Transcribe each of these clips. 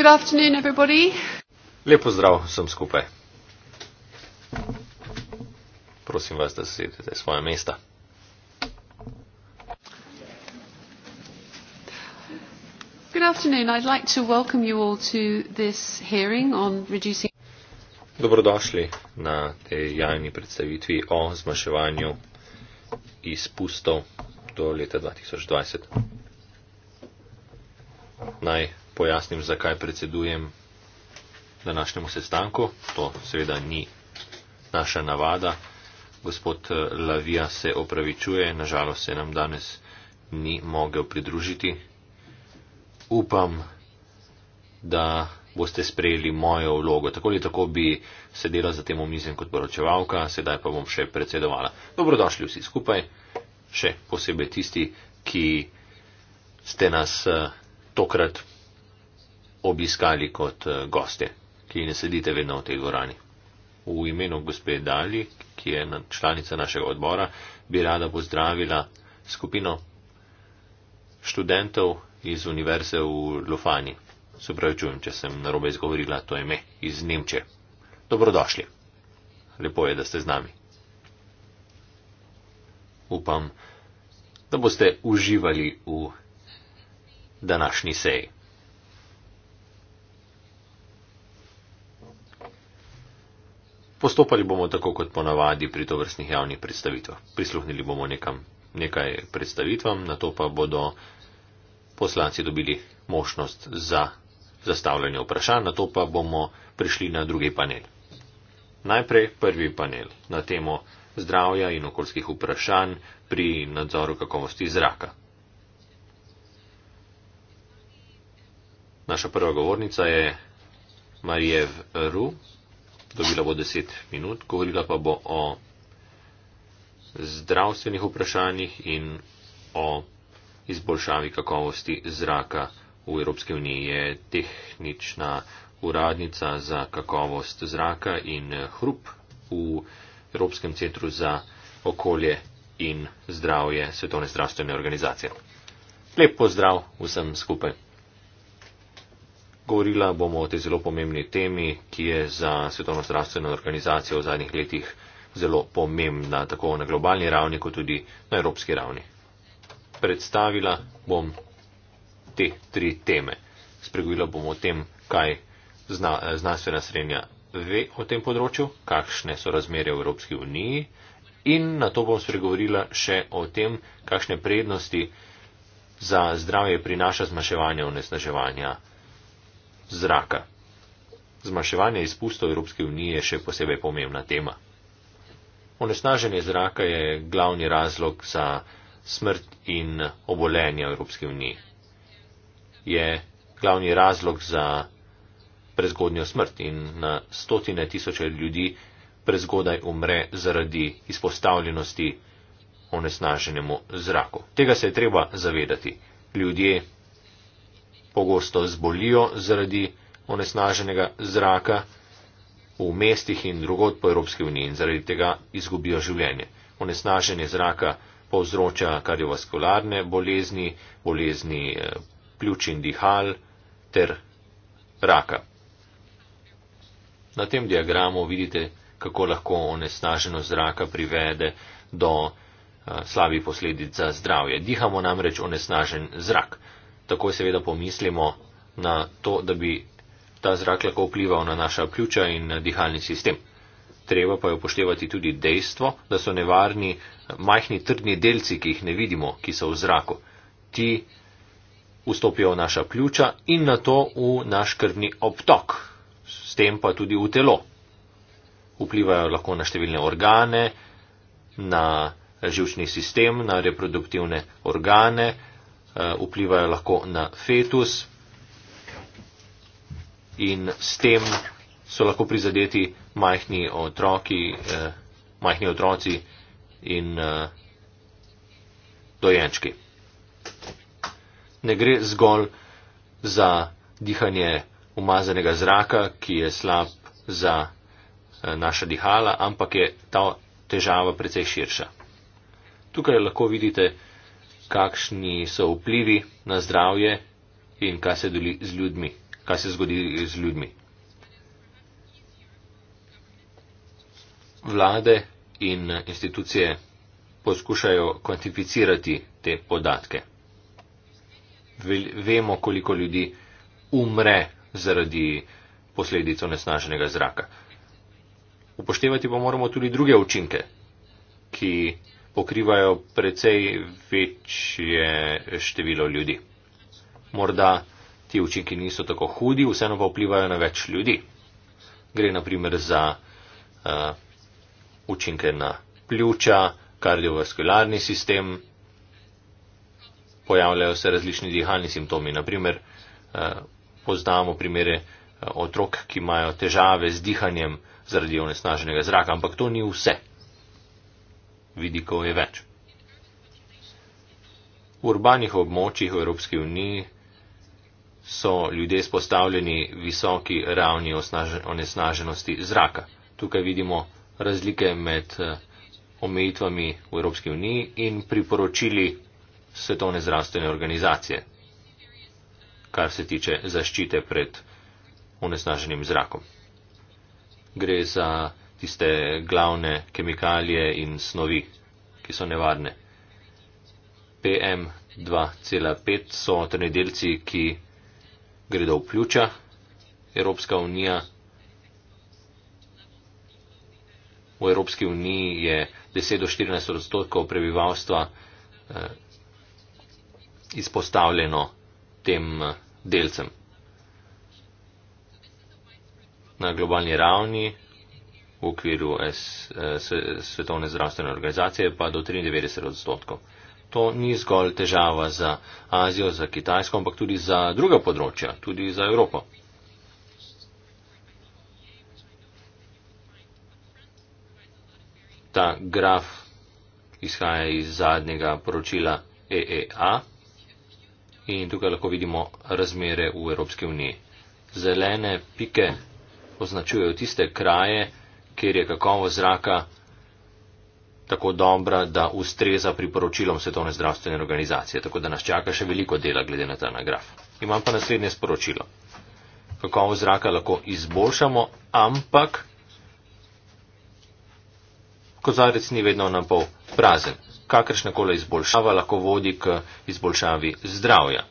Good afternoon, everybody. Lepo zdrav vsem skupaj. Prosim vas, da sedete svoje mesta. Good afternoon. I'd like to welcome you all to this hearing on reducing. Dobrodošli na tej javni predstavitvi o zmanjševanju izpustov do leta 2020. Naj pojasnim, zakaj predsedujem današnjemu sestanku. To seveda ni naša navada. Gospod eh, Lavija se opravičuje, nažalost se nam danes ni mogel pridružiti. Upam, da boste sprejeli mojo vlogo. Tako ali tako bi sedela za tem omizjem kot poročevalka, sedaj pa bom še predsedovala. Dobrodošli vsi skupaj, še posebej tisti, ki ste nas eh, tokrat obiskali kot eh, goste, ki ne sedite vedno v tej dvorani. V imenu gospe Dali, ki je članica našega odbora, bi rada pozdravila skupino študentov iz univerze v Lufani. Se pravi, čujem, če sem narobe izgovorila to ime iz Nemče. Dobrodošli. Lepo je, da ste z nami. Upam, da boste uživali v današnji seji. Postopali bomo tako kot ponavadi pri tovrstnih javnih predstavitvah. Prisluhnili bomo nekam, nekaj predstavitvam, na to pa bodo poslanci dobili možnost za zastavljanje vprašanj, na to pa bomo prišli na drugi panel. Najprej prvi panel na temo zdravja in okoljskih vprašanj pri nadzoru kakovosti zraka. Naša prva govornica je Marijev Ru, dobila bo 10 minut, govorila pa bo o zdravstvenih vprašanjih in o izboljšavi kakovosti zraka v Evropski uniji. Je tehnična uradnica za kakovost zraka in hrup v Evropskem centru za okolje in zdravje Svetovne zdravstvene organizacije. Lep pozdrav vsem skupaj. Govorila bomo o tej zelo pomembni temi, ki je za Svetovno zdravstveno organizacijo v zadnjih letih zelo pomembna, tako na globalni ravni, kot tudi na evropski ravni. Predstavila bom te tri teme. Spregovorila bom o tem, kaj zna, znanstvena srednja ve o tem področju, kakšne so razmere v Evropski uniji in na to bom spregovorila še o tem, kakšne prednosti za zdravje prinaša zmaševanje onesnaževanja zraka. Zmanjševanje izpustov Evropske unije je še posebej pomembna tema. Onesnaženje zraka je glavni razlog za smrt in obolenja Evropske unije. Je glavni razlog za prezgodnjo smrt in na stotine tisoče ljudi prezgodaj umre zaradi izpostavljenosti onesnaženemu zraku. Tega se je treba zavedati. Ljudje pogosto zbolijo zaradi onesnaženega zraka v mestih in drugod po Evropski uniji in zaradi tega izgubijo življenje. Onesnaženje zraka povzroča kardiovaskularne bolezni, bolezni eh, pljuč in dihal ter raka. Na tem diagramu vidite, kako lahko onesnaženo zraka privede do eh, slabih posledic za zdravje. Dihamo namreč onesnažen zrak takoj seveda pomislimo na to, da bi ta zrak lahko vplival na naša pljuča in na dihalni sistem. Treba pa je upoštevati tudi dejstvo, da so nevarni majhni trdni delci, ki jih ne vidimo, ki so v zraku. Ti vstopijo v naša pljuča in na to v naš krvni obtok, s tem pa tudi v telo. Vplivajo lahko na številne organe, na živčni sistem, na reproduktivne organe, Eh, vplivajo lahko na fetus in s tem so lahko prizadeti majhni otroki, eh, majhni otroci in eh, dojenčki. Ne gre zgolj za dihanje umazanega zraka, ki je slab za eh, naša dihala, ampak je ta težava precej širša. Tukaj lahko vidite, kakšni so vplivi na zdravje in kaj se, z ljudmi, kaj se zgodi z ljudmi. Vlade in institucije poskušajo kvantificirati te podatke. Vemo, koliko ljudi umre zaradi posledic onesnaženega zraka. Upoštevati pa moramo tudi druge učinke, ki pokrivajo precej večje število ljudi. Morda ti učinki niso tako hudi, vseeno pa vplivajo na več ljudi. Gre naprimer za uh, učinke na pljuča, kardiovaskularni sistem, pojavljajo se različni dihalni simptomi. Naprimer, uh, eh, poznamo primere eh, otrok, ki imajo težave z dihanjem zaradi onesnaženega zraka, ampak to ni vse vidikov je več. V urbanih območjih v Evropski uniji so ljudje spostavljeni visoki ravni onesnaženosti zraka. Tukaj vidimo razlike med eh, omejitvami v Evropski uniji in priporočili Svetovne zdravstvene organizacije, kar se tiče zaščite pred onesnaženim zrakom. Gre za tiste glavne kemikalije in snovi, ki so nevarne. PM2,5 so trni delci, ki gredo v pljuča. Evropska unija. V Evropski uniji je 10 do 14 odstotkov prebivalstva eh, izpostavljeno tem eh, delcem. Na globalni ravni v okviru eh, Svetovne zdravstvene organizacije pa do 93 odstotkov. To ni zgolj težava za Azijo, za Kitajsko, ampak tudi za druga področja, tudi za Evropo. Ta graf izhaja iz zadnjega poročila EEA in tukaj lahko vidimo razmere v Evropski uniji. Zelene pike označujejo tiste kraje, kjer je kakovost zraka tako dobra, da ustreza priporočilom Svetovne zdravstvene organizacije. Tako da nas čaka še veliko dela glede na ta nagraf. Imam pa naslednje sporočilo. Kakovost zraka lahko izboljšamo, ampak kozarec ni vedno na pol prazen. Kakršna kola izboljšava lahko vodi k izboljšavi zdravja.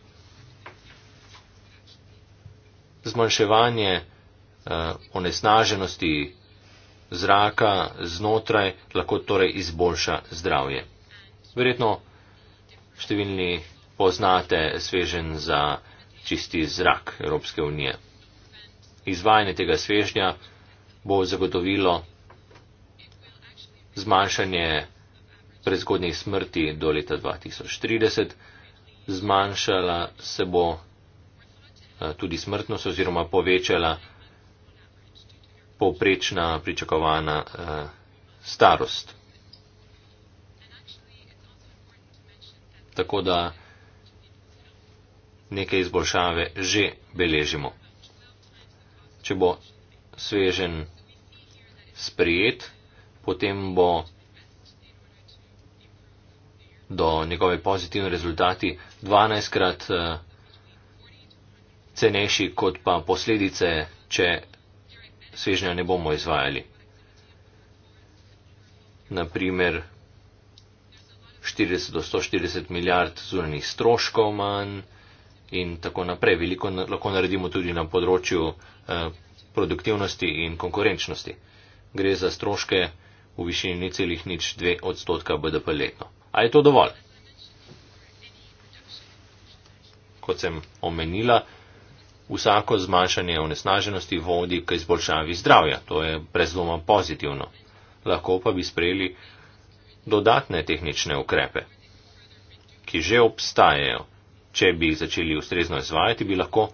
Zmanjševanje uh, onesnaženosti zraka znotraj lahko torej izboljša zdravje. Verjetno številni poznate svežen za čisti zrak Evropske unije. Izvajanje tega svežnja bo zagotovilo zmanjšanje prezgodnjih smrti do leta 2030, zmanjšala se bo eh, tudi smrtnost oziroma povečala povprečna pričakovana uh, starost. Tako da neke izboljšave že beležimo. Če bo svežen sprijet, potem bo do njegove pozitivne rezultati 12krat uh, eh, cenejši kot pa posledice, če svežnja ne bomo izvajali. Naprimer, 40 do 140 milijard zunanjih stroškov manj in tako naprej. Veliko lahko naredimo tudi na področju eh, produktivnosti in konkurenčnosti. Gre za stroške v višini celih nič 2 odstotka BDP letno. A je to dovolj? Kot sem omenila, vsako zmanjšanje onesnaženosti vodi k izboljšavi zdravja, to je brez dvoma pozitivno. Lahko pa bi sprejeli dodatne tehnične ukrepe, ki že obstajajo. Če bi jih začeli ustrezno izvajati, bi lahko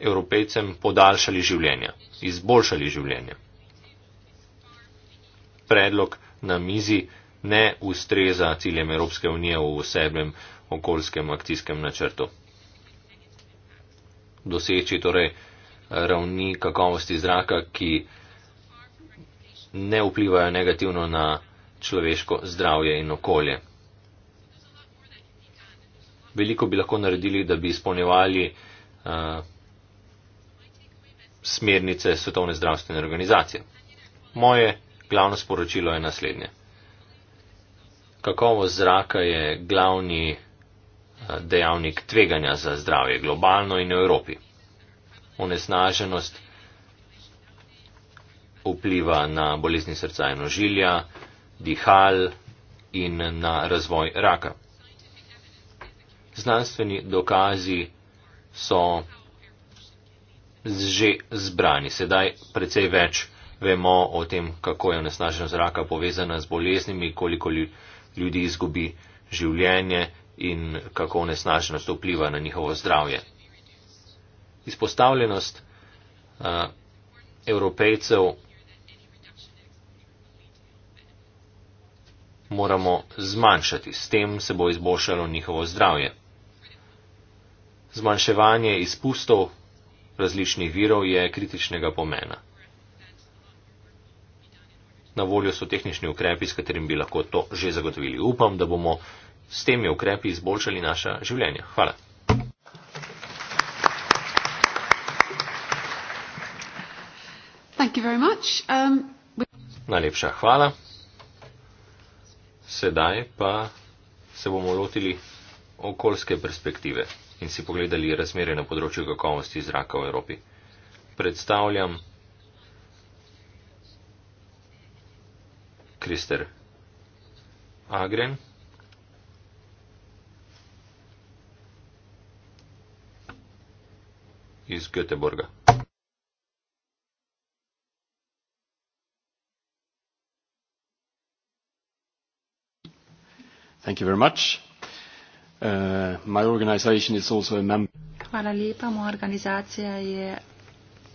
evropejcem podaljšali življenja, izboljšali življenja. Predlog na mizi ne ustreza ciljem Evropske unije v osebnem okoljskem akcijskem načrtu doseči torej ravni kakovosti zraka, ki ne vplivajo negativno na človeško zdravje in okolje. Veliko bi lahko naredili, da bi izpolnjevali uh, smernice Svetovne zdravstvene organizacije. Moje glavno sporočilo je naslednje. Kakovost zraka je glavni dejavnik tveganja za zdravje globalno in v Evropi. Onesnaženost vpliva na bolezni srca in ožilja, dihal in na razvoj raka. Znanstveni dokazi so že zbrani. Sedaj precej več vemo o tem, kako je onesnaženost raka povezana z boleznimi, koliko ljudi izgubi življenje in kako nesnažnost vpliva na njihovo zdravje. Izpostavljenost uh, evropejcev moramo zmanjšati, s tem se bo izboljšalo njihovo zdravje. Zmanjševanje izpustov različnih virov je kritičnega pomena. Na voljo so tehnični ukrepi, s katerim bi lahko to že zagotovili. Upam, da bomo s temi ukrepi izboljšali naša življenja. Hvala. Um, we... Najlepša hvala. Sedaj pa se bomo lotili okoljske perspektive in si pogledali razmere na področju kakovosti zraka v Evropi. Predstavljam Krister Agren. iz Göteborga. Thank you very much. Uh, my organization is also a member. Hvala lepa, moja organizacija je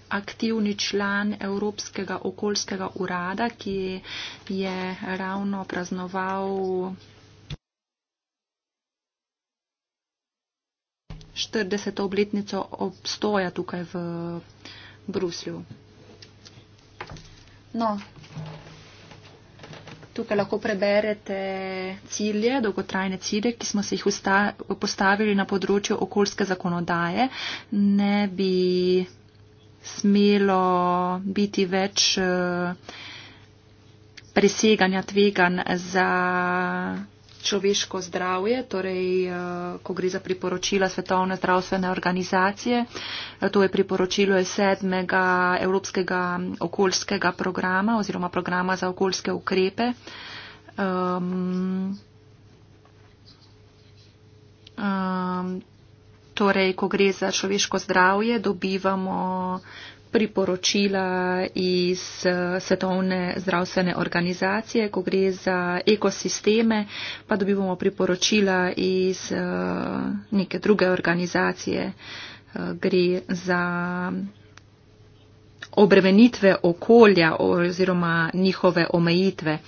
aktivni član Evropskega okoljskega urada, ki je ravno praznoval 40. obletnico obstoja tukaj v Bruslju. No, tukaj lahko preberete cilje, dolgotrajne cilje, ki smo se jih usta, postavili na področju okoljske zakonodaje. Ne bi smelo biti več eh, preseganja tvegan za človeško zdravje, torej eh, ko gre za priporočila Svetovne zdravstvene organizacije. Eh, to je priporočilo sedmega Evropskega okoljskega programa oziroma programa za okoljske ukrepe. Um, um, torej, ko gre za človeško zdravje, dobivamo priporočila iz eh, Svetovne zdravstvene organizacije, ko gre za ekosisteme, pa dobivamo priporočila iz eh, neke druge organizacije, eh, gre za obremenitve okolja oziroma njihove omejitve.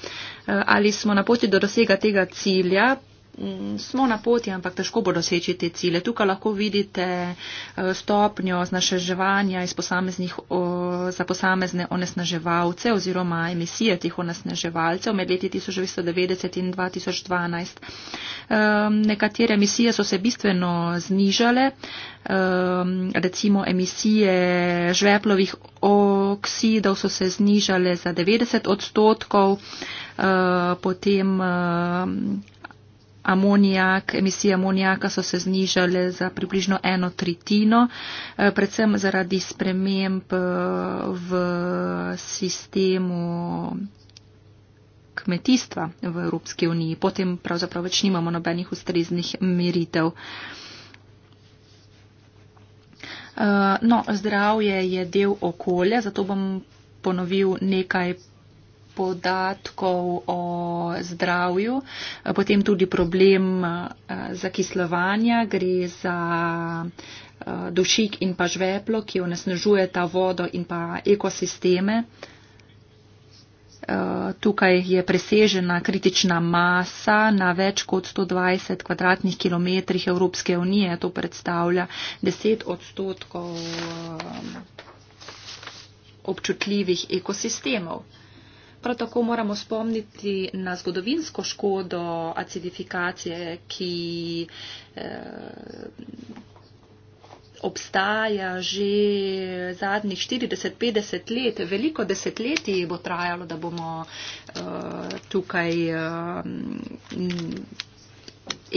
Ali smo na poti do dosega tega cilja, Mm, smo na poti, ampak težko bo doseči te cilje. Tukaj lahko vidite eh, stopnjo znaševanja za posamezne onesnaževalce oziroma emisije tih onesnaževalcev med leti 1990 in 2012. Ehm, nekatere emisije so se bistveno znižale, ehm, recimo emisije žveplovih oksidov so se znižale za 90 odstotkov, eh, potem ehm, amonijak, emisije amonijaka so se znižale za približno eno tretjino, eh, predvsem zaradi sprememb eh, v sistemu kmetijstva v Evropski uniji. Potem pravzaprav več nimamo nobenih ustreznih meritev. Eh, no, zdravje je del okolja, zato bom ponovil nekaj podatkov o zdravju, potem tudi problem eh, zakislovanja, gre za eh, dušik in pa žveplo, ki onesnažuje ta vodo in pa ekosisteme. Eh, tukaj je presežena kritična masa na več kot 120 kvadratnih kilometrih Evropske unije. To predstavlja 10 odstotkov občutljivih ekosistemov. Prav tako moramo spomniti na zgodovinsko škodo acidifikacije, ki eh, obstaja že zadnjih 40-50 let. Veliko desetletij bo trajalo, da bomo eh, tukaj eh,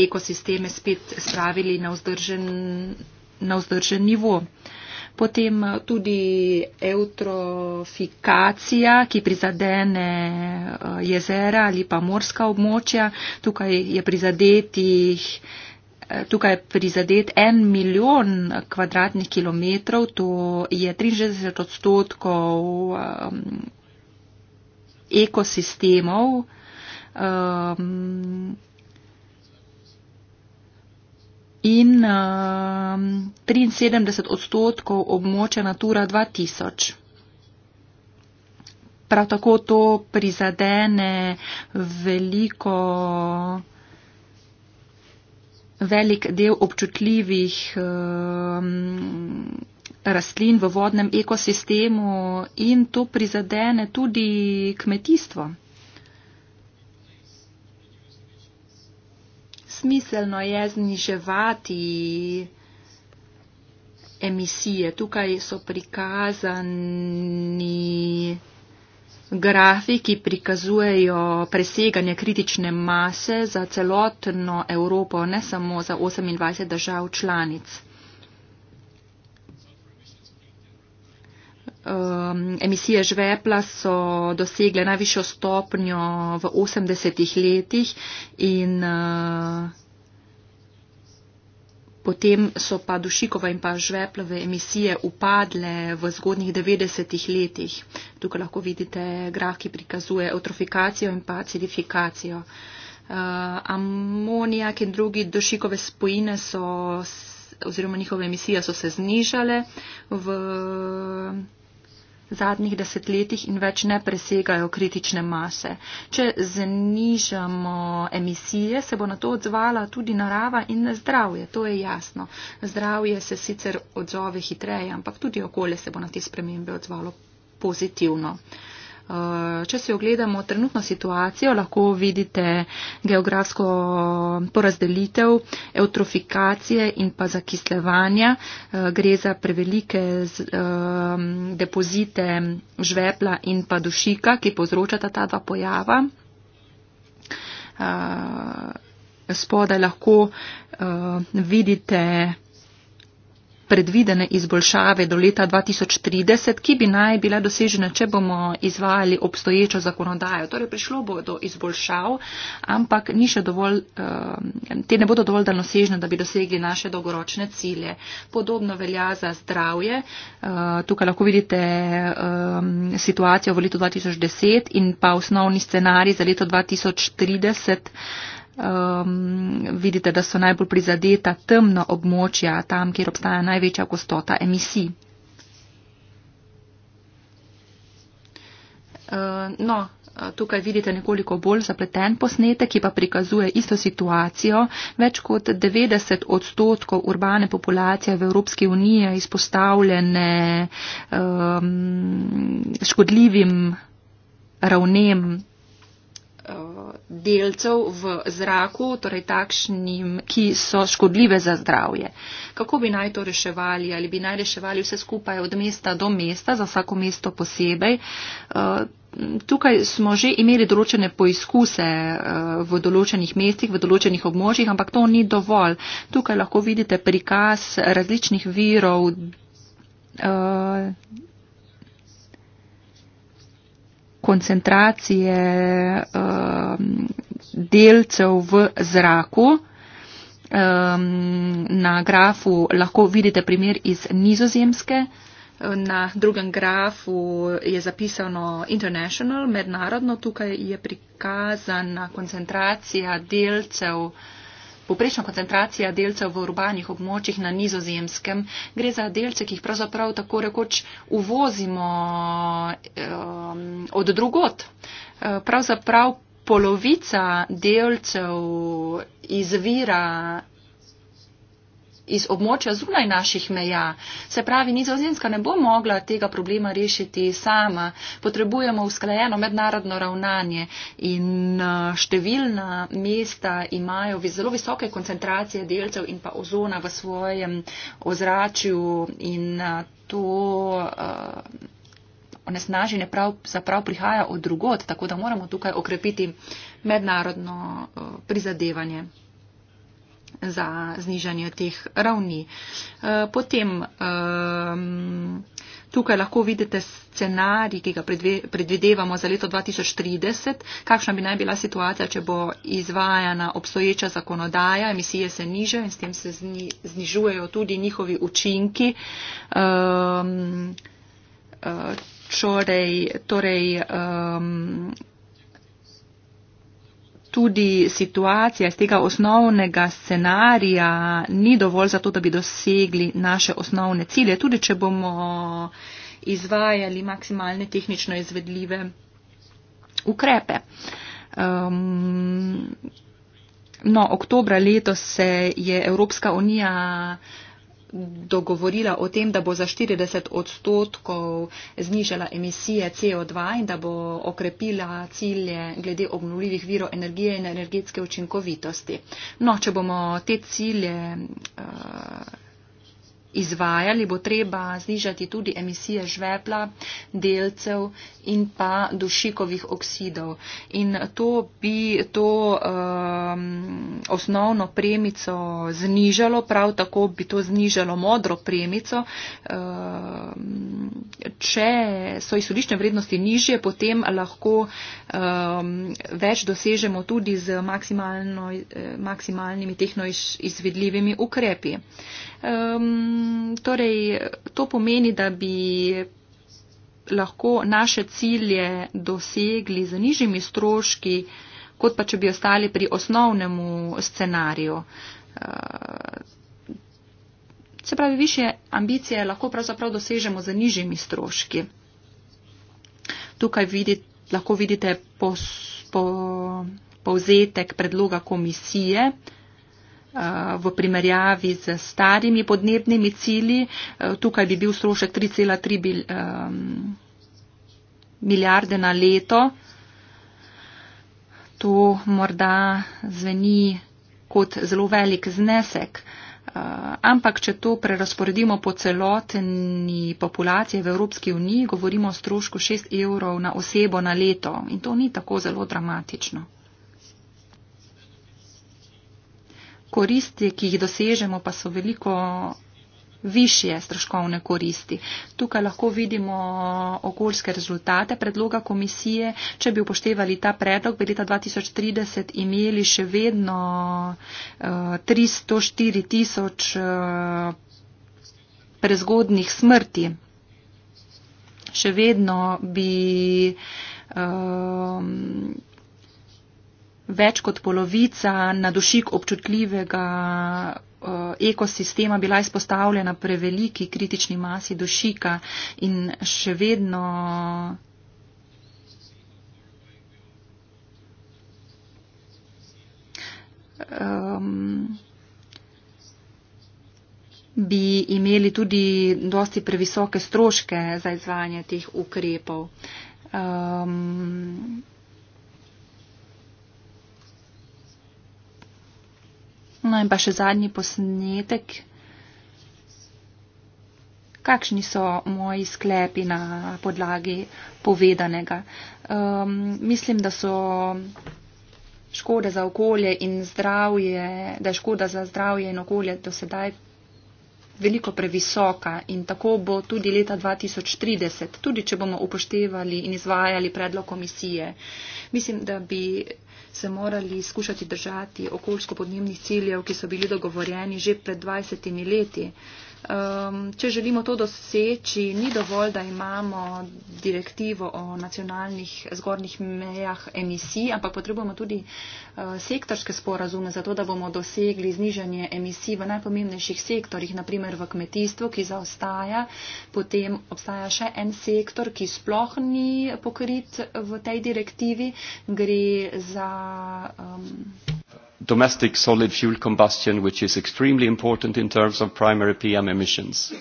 ekosisteme spet spravili na vzdržen, na vzdržen nivo. Potem eh, tudi eutrofikacija, ki prizadene eh, jezera ali pa morska območja. Tukaj je prizadetih. Eh, tukaj je prizadet en milijon kvadratnih kilometrov, to je 63 odstotkov um, ekosistemov. Um, in um, 73 odstotkov območja Natura 2000. Prav tako to prizadene veliko, velik del občutljivih um, rastlin v vodnem ekosistemu in to prizadene tudi kmetijstvo. smiselno je zniževati emisije. Tukaj so prikazani grafi, ki prikazujejo preseganje kritične mase za celotno Evropo, ne samo za 28 držav članic. um, emisije žvepla so dosegle najvišjo stopnjo v 80-ih letih in uh, potem so pa dušikova in pa žveplove emisije upadle v zgodnih 90-ih letih. Tukaj lahko vidite graf, ki prikazuje eutrofikacijo in pa acidifikacijo. Uh, amonijak in drugi dušikove spojine so oziroma njihove emisije so se znižale v zadnjih desetletjih in več ne presegajo kritične mase. Če znižamo emisije, se bo na to odzvala tudi narava in zdravje, to je jasno. Zdravje se sicer odzove hitreje, ampak tudi okolje se bo na te spremembe odzvalo pozitivno. Eh, če si ogledamo trenutno situacijo, lahko vidite geografsko porazdelitev, eutrofikacije in pa zakislevanja. Eh, gre za prevelike ehm, depozite žvepla in pa dušika, ki povzročata ta dva pojava. Eh, spodaj lahko vidite predvidene izboljšave do leta 2030, ki bi naj bila dosežena, če bomo izvajali obstoječo zakonodajo. Torej, prišlo bo do izboljšav, ampak ni še dovolj, eh, te ne bodo dovolj daljnosežne, da bi dosegli naše dolgoročne cilje. Podobno velja za zdravje. Eh, tukaj lahko vidite eh, situacijo v letu 2010 in pa osnovni scenarij za leto 2030 um, vidite, da so najbolj prizadeta temna območja, tam, kjer obstaja največja gostota emisij. Uh, no, tukaj vidite nekoliko bolj zapleten posnetek, ki pa prikazuje isto situacijo. Več kot 90 odstotkov urbane populacije v Evropski uniji je izpostavljene um, škodljivim ravnem Eh, delcev v zraku, torej takšnim, ki so škodljive za zdravje. Kako bi naj to reševali? Ali bi naj reševali vse skupaj od mesta do mesta, za vsako mesto posebej? Eh, tukaj smo že imeli določene poizkuse eh, v določenih mestih, v določenih območjih, ampak to ni dovolj. Tukaj lahko vidite prikaz različnih virov koncentracije um, delcev v zraku. Um, na grafu lahko vidite primer iz nizozemske, na drugem grafu je zapisano international, mednarodno, tukaj je prikazana koncentracija delcev. Poprečna koncentracija delcev v urbanih območjih na nizozemskem gre za delce, ki jih pravzaprav tako rekoč uvozimo um, od drugot. Eh, pravzaprav polovica delcev izvira iz območja zunaj naših meja. Se pravi, nizozemska ne bo mogla tega problema rešiti sama. Potrebujemo usklajeno mednarodno ravnanje in eh, številna mesta imajo zelo visoke koncentracije delcev in pa ozona v svojem ozračju in eh, to. Uh, onesnaženje prav prihaja od drugot, tako da moramo tukaj okrepiti mednarodno prizadevanje za znižanje teh ravni. Eh, potem ehm, tukaj lahko vidite scenarij, ki ga predvidevamo za leto 2030, kakšna bi naj bila situacija, če bo izvajana obstoječa zakonodaja, emisije se nižajo in s tem se znižujejo tudi njihovi učinki. Ehm, eh, torej, torej, ehm, tudi situacija iz tega osnovnega scenarija ni dovolj za to, da bi dosegli naše osnovne cilje, tudi če bomo izvajali maksimalne tehnično izvedljive ukrepe. Um, no, oktobra letos se je Evropska unija uh, dogovorila o tem, da bo za 40 odstotkov znižala emisije CO2 in da bo okrepila cilje glede obnovljivih virov energije in energetske učinkovitosti. No, če bomo te cilje. Uh, izvajali, bo treba znižati tudi emisije žvepla, delcev in pa dušikovih oksidov. In to bi to um, osnovno premico znižalo, prav tako bi to znižalo modro premico. Um, če so izhodišče vrednosti nižje, potem lahko um, več dosežemo tudi z eh, maksimalnimi tehnoizvedljivimi ukrepi. Um, torej, to pomeni, da bi lahko naše cilje dosegli z nižjimi stroški, kot pa če bi ostali pri osnovnemu scenariju. Uh, se pravi, više ambicije lahko pravzaprav dosežemo z nižjimi stroški. Tukaj vidite, lahko vidite pos, po, povzetek predloga komisije. Uh, v primerjavi z starimi podnebnimi cilji. E, tukaj bi bil strošek 3,3 e, milijarde na leto. To morda zveni kot zelo velik znesek. E, ampak, če to prerasporedimo po celotni populaciji v Evropski uniji, govorimo o strošku 6 evrov na osebo na leto in to ni tako zelo dramatično. koristi, ki jih dosežemo, pa so veliko višje stroškovne koristi. Tukaj lahko vidimo okoljske rezultate predloga komisije. Če bi upoštevali ta predlog, bi leta 2030 imeli še vedno uh, eh, 304 tisoč uh, eh, prezgodnih smrti. Še vedno bi uh, več kot polovica na dušik občutljivega eh, ekosistema bila izpostavljena preveliki kritični masi dušika in še vedno um, bi imeli tudi dosti previsoke stroške za izvajanje teh ukrepov. Um, No in pa še zadnji posnetek. Kakšni so moji sklepi na podlagi povedanega? Um, mislim, da so škode za okolje in zdravje, da je škoda za zdravje in okolje do sedaj veliko previsoka in tako bo tudi leta 2030, tudi če bomo upoštevali in izvajali predlog komisije. Mislim, da bi se morali skušati držati okoljsko-podnebnih ciljev, ki so bili dogovorjeni že pred 20 leti. Um, če želimo to doseči, ni dovolj, da imamo direktivo o nacionalnih zgornjih mejah emisij, ampak potrebujemo tudi uh, sektorske sporazume za to, da bomo dosegli znižanje emisij v najpomembnejših sektorjih, naprimer v kmetijstvu, ki zaostaja. Potem obstaja še en sektor, ki sploh ni pokrit v tej direktivi. Gre za. Um, domestic solid fuel combustion, which is extremely important in terms of primary PM emissions,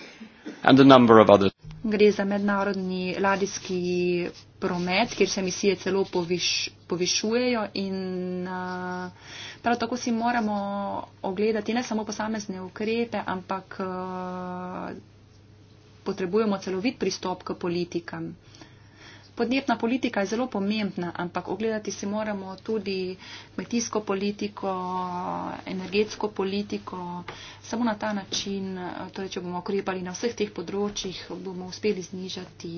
and a number of other. Gre za mednarodni ladijski promet, kjer se emisije celo poviš, povišujejo in uh, prav tako si moramo ogledati ne samo posamezne ukrepe, ampak uh, potrebujemo celovit pristop k politikam. Podnebna politika je zelo pomembna, ampak ogledati si moramo tudi kmetijsko politiko, energetsko politiko. Samo na ta način, torej, če bomo ukrepali na vseh teh področjih, bomo uspeli znižati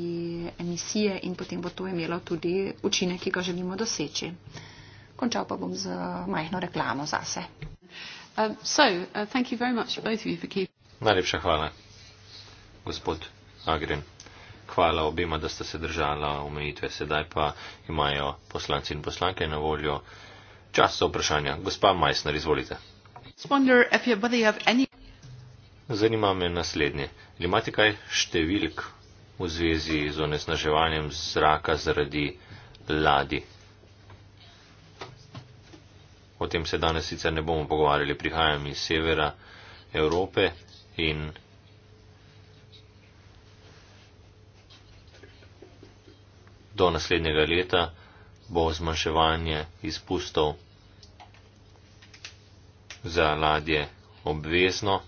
emisije in potem bo to imelo tudi učinek, ki ga želimo doseči. Končal pa bom z majhno reklamo zase. Uh, so, uh, Najlepša hvala, gospod Agrin hvala obima, da ste se držala omejitve. Sedaj pa imajo poslanci in poslanke na voljo čas za vprašanja. Gospa Majsner, izvolite. Zanima me naslednje. Ali imate kaj številk v zvezi z onesnaževanjem zraka zaradi ladi? O tem se danes sicer ne bomo pogovarjali. Prihajam iz severa Evrope in do naslednjega leta bo zmanjševanje izpustov za ladje obvezno.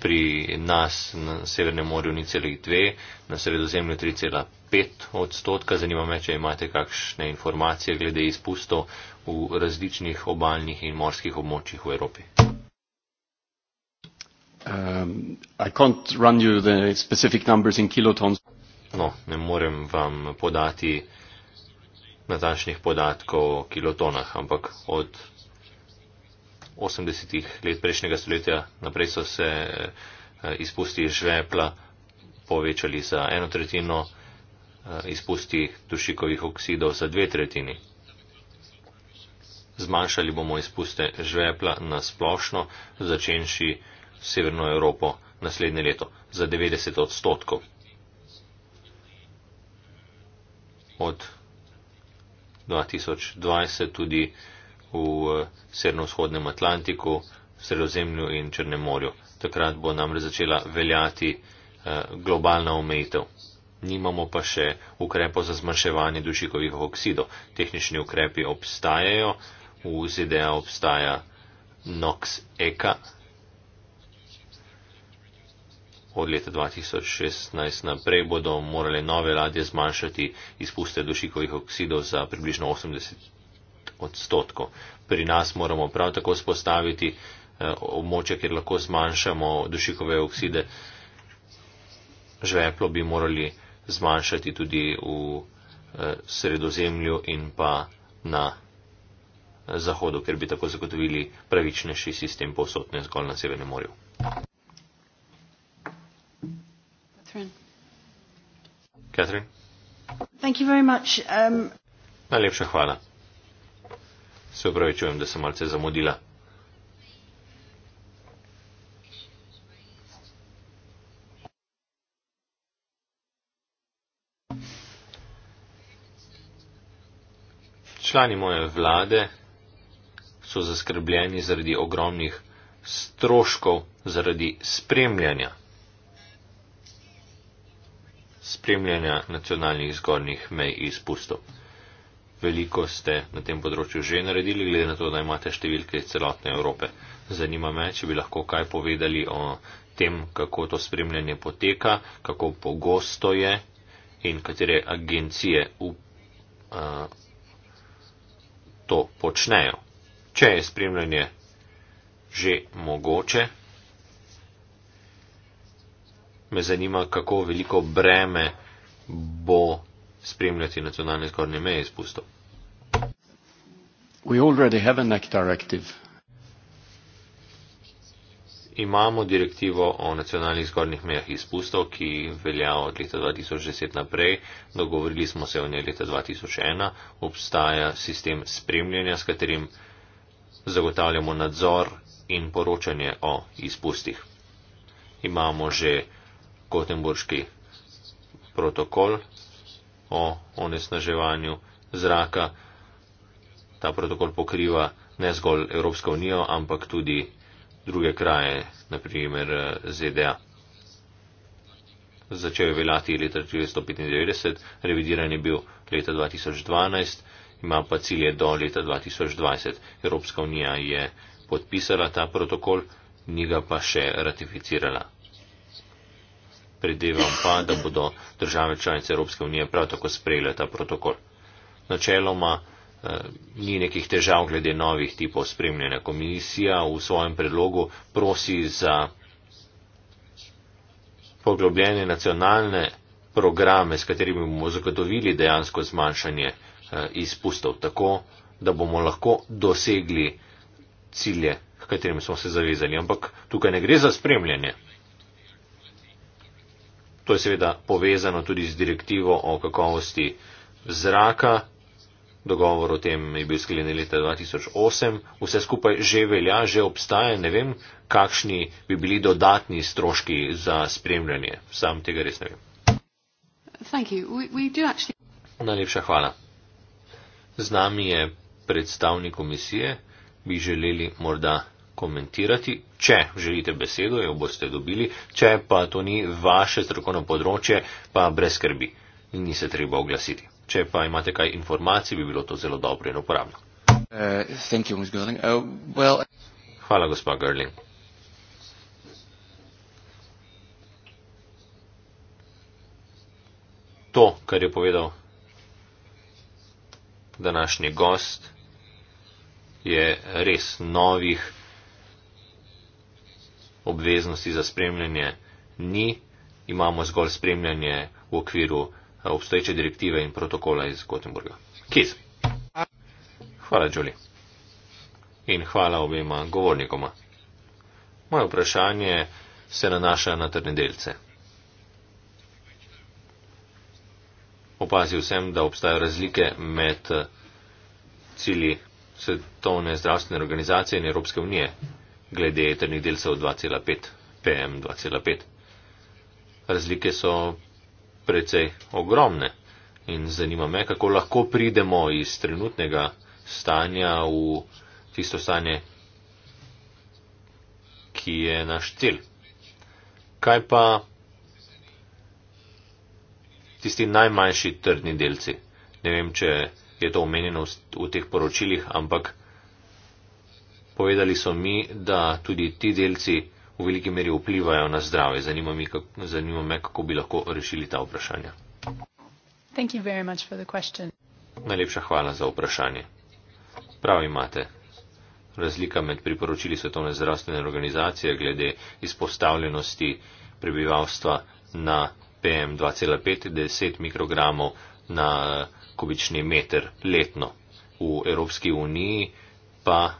Pri nas na Severnem morju ni celih dve, na sredozemlju 3,5 odstotka. Zanima me, če imate kakšne informacije glede izpustov v različnih obaljnih in morskih območjih v Evropi. Um, No, ne morem vam podati natančnih podatkov o kilotonah, ampak od 80. let prejšnjega stoletja naprej so se eh, izpusti žvepla povečali za eno tretjino, eh, izpusti dušikovih oksidov za dve tretjini. Zmanjšali bomo izpuste žvepla na splošno, začenši Severno Evropo naslednje leto za 90 odstotkov. od 2020 tudi v eh, severno-vzhodnem Atlantiku, Sredozemlju in Črnem morju. Takrat bo namreč začela veljati eh, globalna omejitev. Nimamo pa še ukrepov za zmanjševanje dušikovih oksidov. Tehnični ukrepi obstajajo, v ZDA obstaja NOX-EKA od leta 2016 naprej bodo morale nove ladje zmanjšati izpuste dušikovih oksidov za približno 80 odstotkov. Pri nas moramo prav tako spostaviti eh, območje, kjer lahko zmanjšamo dušikove okside. Žveplo bi morali zmanjšati tudi v eh, sredozemlju in pa na eh, zahodu, ker bi tako zagotovili pravičnejši sistem posotne zgolj na Severnem morju. Catherine. Thank you very much. Um... Najlepša hvala. Se upravičujem, da sem malce zamudila. Člani moje vlade so zaskrbljeni zaradi ogromnih stroškov zaradi spremljanja spremljanja nacionalnih zgornjih mej izpustov. Veliko ste na tem področju že naredili, glede na to, da imate številke iz celotne Evrope. Zanima me, če bi lahko kaj povedali o tem, kako to spremljanje poteka, kako pogosto je in katere agencije up, a, to počnejo. Če je spremljanje že mogoče, me zanima, kako veliko breme bo spremljati nacionalne zgornje meje izpustov. Imamo direktivo o nacionalnih zgornjih mejah izpustov, ki velja od leta 2010 naprej. Dogovorili smo se o njej leta 2001. Obstaja sistem spremljanja, s katerim zagotavljamo nadzor in poročanje o izpustih. Imamo že Gotenburški protokol o onesnaževanju zraka. Ta protokol pokriva ne zgolj Evropsko unijo, ampak tudi druge kraje, naprimer eh, ZDA. Začel je veljati leta 1995, revidiran je bil leta 2012, ima pa cilje do leta 2020. Evropska unija je podpisala ta protokol, njega pa še ratificirala predevam pa, da bodo države članice Evropske unije prav tako sprejele ta protokol. Načeloma eh, ni nekih težav glede novih tipov spremljanja. Komisija v svojem predlogu prosi za poglobljene nacionalne programe, s katerimi bomo zagotovili dejansko zmanjšanje eh, izpustov tako, da bomo lahko dosegli cilje, katerim smo se zavezali. Ampak tukaj ne gre za spremljanje, To je seveda povezano tudi z direktivo o kakovosti zraka. Dogovor o tem je bil sklenjen leta 2008. Vse skupaj že velja, že obstaja. Ne vem, kakšni bi bili dodatni stroški za spremljanje. Sam tega res ne vem. Najlepša hvala. Z nami je predstavnik komisije. Bi želeli morda komentirati, če želite besedo, jo boste dobili, če pa to ni vaše strokovno področje, pa brez skrbi. Ni se treba oglasiti. Če pa imate kaj informacij, bi bilo to zelo dobro in uporabno. Uh, you, uh, well... Hvala, gospa Gerling. To, kar je povedal današnji gost, je res novih obveznosti za spremljanje ni, imamo zgolj spremljanje v okviru eh, obstoječe direktive in protokola iz Gotemburga. Kiz. Hvala, Đuli. In hvala obima govornikoma. Moje vprašanje se nanaša na trnedelce. Opazil sem, da obstajajo razlike med eh, cili Svetovne zdravstvene organizacije in Evropske unije glede eternih delcev 2,5, PM 2,5. Razlike so precej ogromne in zanima me, kako lahko pridemo iz trenutnega stanja v tisto stanje, ki je naš cilj. Kaj pa tisti najmanjši trdni delci? Ne vem, če je to omenjeno v teh poročilih, ampak. Povedali so mi, da tudi ti delci v veliki meri vplivajo na zdravje. Zanima, mi, kak, zanima me, kako bi lahko rešili ta vprašanja. Najlepša hvala za vprašanje. Prav imate. Razlika med priporočili Svetovne zdravstvene organizacije glede izpostavljenosti prebivalstva na PM2,5 10 mikrogramov na eh, kubični meter letno. V Evropski uniji pa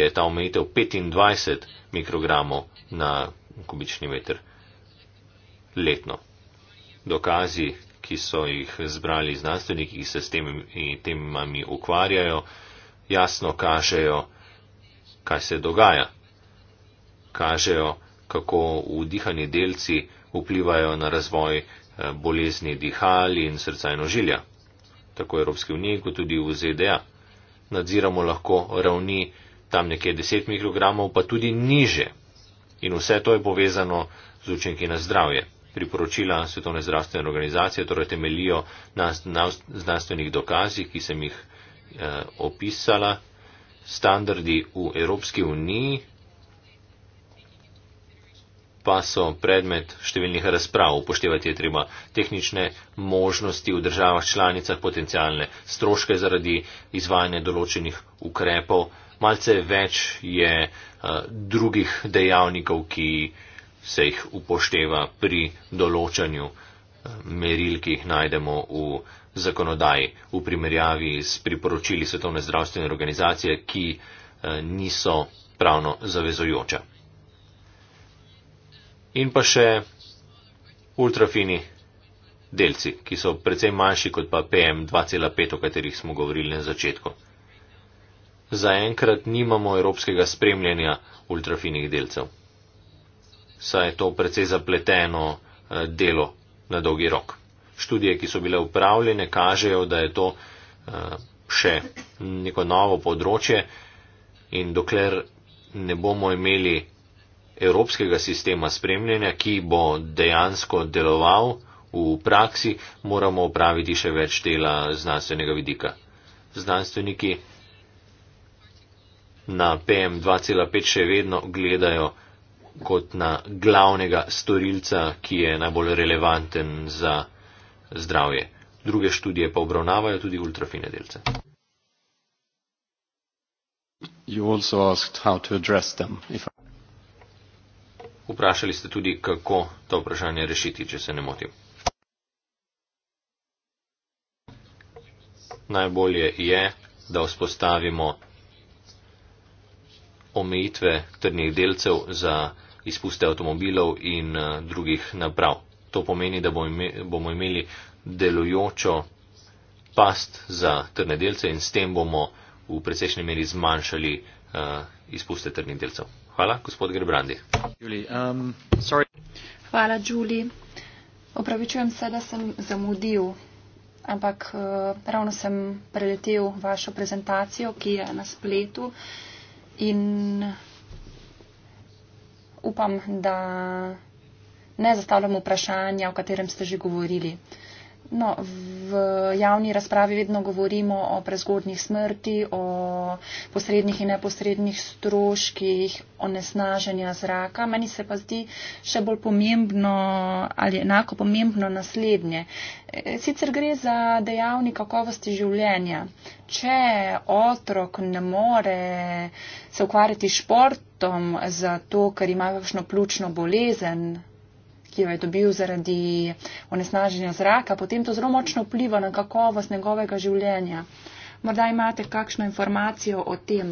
je ta omejitev 25 mikrogramov na kubični meter letno. Dokazi, ki so jih zbrali znanstveniki, ki se s temi temami ukvarjajo, jasno kažejo, kaj se dogaja. Kažejo, kako vdihani delci vplivajo na razvoj eh, bolezni dihal in srca in ožilja. Tako Evropski uniji, kot tudi v ZDA. Nadziramo lahko ravni tam nekje 10 mikrogramov, pa tudi niže. In vse to je povezano z učinki na zdravje. Priporočila Svetovne zdravstvene organizacije torej temelijo na, na znanstvenih dokazih, ki sem jih eh, opisala, standardi v Evropski uniji pa so predmet številnih razprav. Upoštevati je treba tehnične možnosti v državah članicah, potencijalne stroške zaradi izvajanja določenih ukrepov malce več je eh, drugih dejavnikov, ki se jih upošteva pri določanju eh, meril, ki jih najdemo v zakonodaji v primerjavi s priporočili Svetovne zdravstvene organizacije, ki eh, niso pravno zavezojoča. In pa še ultrafini delci, ki so precej manjši kot pa PM2,5, o katerih smo govorili na začetku zaenkrat nimamo evropskega spremljanja ultrafinih delcev. Saj je to precej zapleteno eh, delo na dolgi rok. Študije, ki so bile upravljene, kažejo, da je to eh, še neko novo področje in dokler ne bomo imeli evropskega sistema spremljanja, ki bo dejansko deloval v praksi, moramo upraviti še več dela znanstvenega vidika. Znanstveniki na PM2,5 še vedno gledajo kot na glavnega storilca, ki je najbolj relevanten za zdravje. Druge študije pa obravnavajo tudi ultrafine delce. Vprašali ste tudi, kako to vprašanje rešiti, če se ne motim. Najbolje je, da vzpostavimo omejitve trdnih delcev za izpuste avtomobilov in eh, drugih naprav. To pomeni, da bomo imeli delujočo past za trdne delce in s tem bomo v presečni meri zmanjšali eh, izpuste trdnih delcev. Hvala, gospod Gerbrandi. Julie, um, Hvala, Julij. Opravičujem se, da sem zamudil, ampak uh, ravno sem preletel vašo prezentacijo, ki je na spletu. Uh, In upam, da ne zastavljam vprašanja, o katerem ste že govorili. No, v javni razpravi vedno govorimo o prezgodnih smrti, o posrednih in neposrednih stroških onesnaženja zraka. Meni se pa zdi še bolj pomembno ali enako pomembno naslednje. E, sicer gre za dejavnik kakovosti življenja. Če otrok ne more se ukvarjati s športom, zato ker ima kakšno pljučno bolezen, ki jo je dobil zaradi onesnaženja zraka, potem to zelo močno vpliva na kakovost njegovega življenja. Morda imate kakšno informacijo o tem.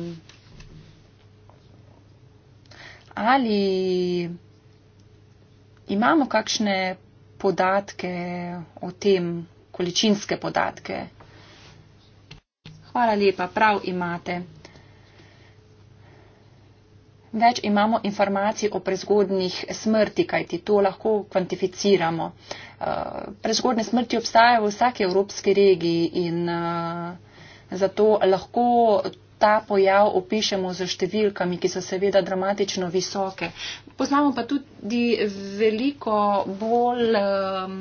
Ali imamo kakšne podatke o tem, količinske podatke? Hvala lepa, prav imate. Več imamo informacij o prezgodnih smrti, kajti to lahko kvantificiramo. Eh, Prezgodne smrti obstajajo v vsaki evropski regiji in eh, zato lahko ta pojav opišemo z številkami, ki so seveda dramatično visoke. Poznamo pa tudi veliko bolj. Ehm,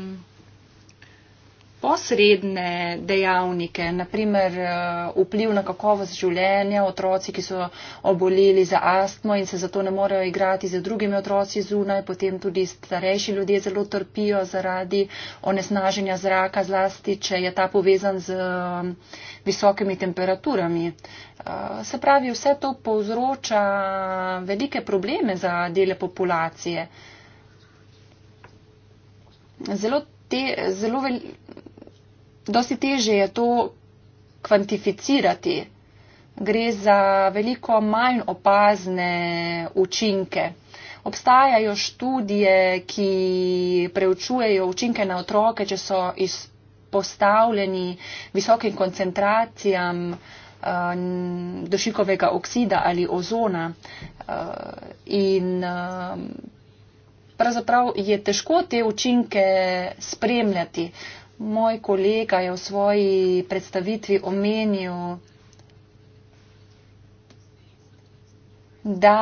posredne dejavnike, naprimer eh, vpliv na kakovost življenja, otroci, ki so oboleli za astmo in se zato ne morejo igrati z drugimi otroci zunaj, potem tudi starejši ljudje zelo trpijo zaradi onesnaženja zraka, zlasti, če je ta povezan z eh, visokimi temperaturami. Eh, se pravi, vse to povzroča velike probleme za dele populacije. Zelo, te, zelo, vel, dosti teže je to kvantificirati. Gre za veliko manj opazne učinke. Obstajajo študije, ki preučujejo učinke na otroke, če so izpostavljeni visokim koncentracijam eh, dušikovega oksida ali ozona. Eh, in eh, pravzaprav je težko te učinke spremljati. Moj kolega je v svoji predstavitvi omenil, da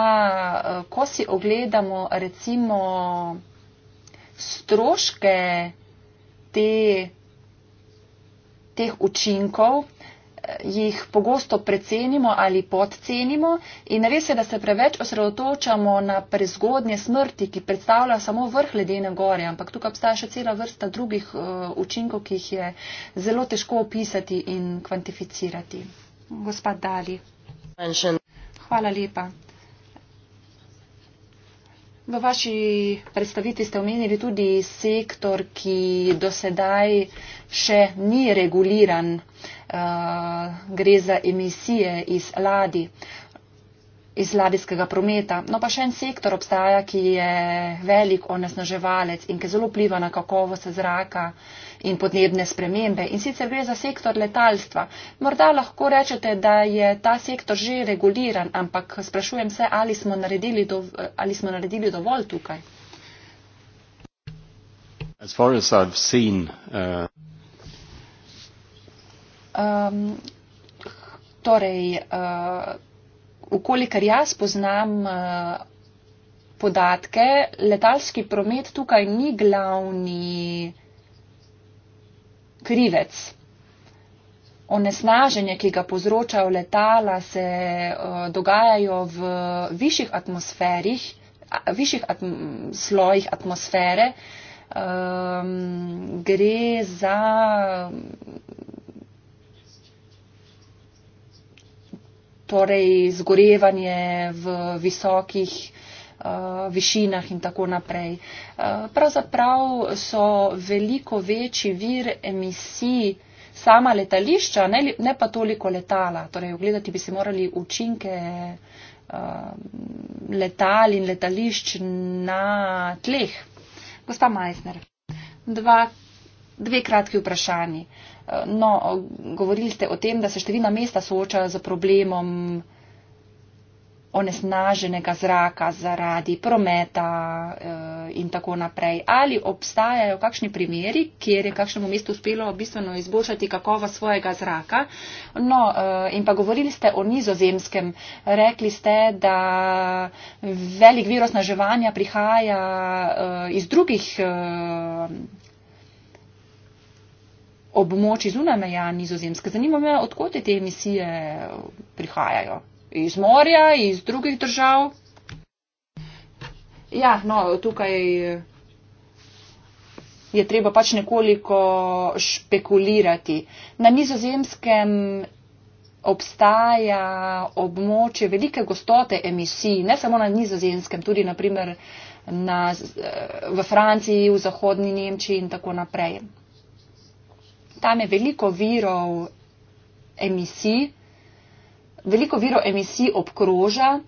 eh, ko si ogledamo recimo stroške te, teh učinkov, jih pogosto precenimo ali podcenimo in res je, da se preveč osredotočamo na prezgodnje smrti, ki predstavlja samo vrh ledene gore, ampak tukaj obstaja še cela vrsta drugih eh, učinkov, ki jih je zelo težko opisati in kvantificirati. Gospod Dali. Hvala lepa. V vaši predstavitvi ste omenili tudi sektor, ki do sedaj uh, še ni reguliran, eh, gre za emisije iz ladi iz ladijskega prometa. No pa še en sektor obstaja, ki je velik onesnaževalec in ki zelo pliva na kakovost zraka in podnebne spremembe. In sicer gre za sektor letalstva. Morda lahko rečete, da je ta sektor že reguliran, ampak sprašujem se, ali smo naredili, do, ali smo naredili dovolj tukaj. As far as I've seen, uh um, torej, ukolikor eh, uh, jaz poznam uh, podatke, letalski promet tukaj ni glavni krivec. Onesnaženje, ki ga povzročajo letala, se uh, dogajajo v višjih atmosferih, višjih atm slojih atmosfere. Um, gre za torej zgorevanje v visokih uh, višinah in tako naprej. Uh, pravzaprav so veliko večji vir emisij sama letališča, ne, ne pa toliko letala. Torej, ogledati bi se morali učinke uh, letal in letališč na tleh. Gospa Majsner. Dve kratki vprašanji. No, govorili ste o tem, da se številna mesta soočajo z problemom onesnaženega zraka zaradi prometa eh, in tako naprej. Ali obstajajo kakšni primeri, kjer je kakšnemu mestu uspelo bistveno izboljšati kakovo svojega zraka? No, eh, in pa govorili ste o nizozemskem. Rekli ste, da velik virus naževanja prihaja eh, iz drugih območji zunaj meja nizozemske. Zanima me, odkot te emisije prihajajo. Iz morja, iz drugih držav. Ja, no, tukaj eh, je treba pač nekoliko špekulirati. Na nizozemskem obstaja območje velike gostote emisij, ne samo na nizozemskem, tudi naprimer na, eh, v Franciji, v zahodni Nemčiji in tako naprej tam je veliko virov emisij, veliko virov emisij obkroža.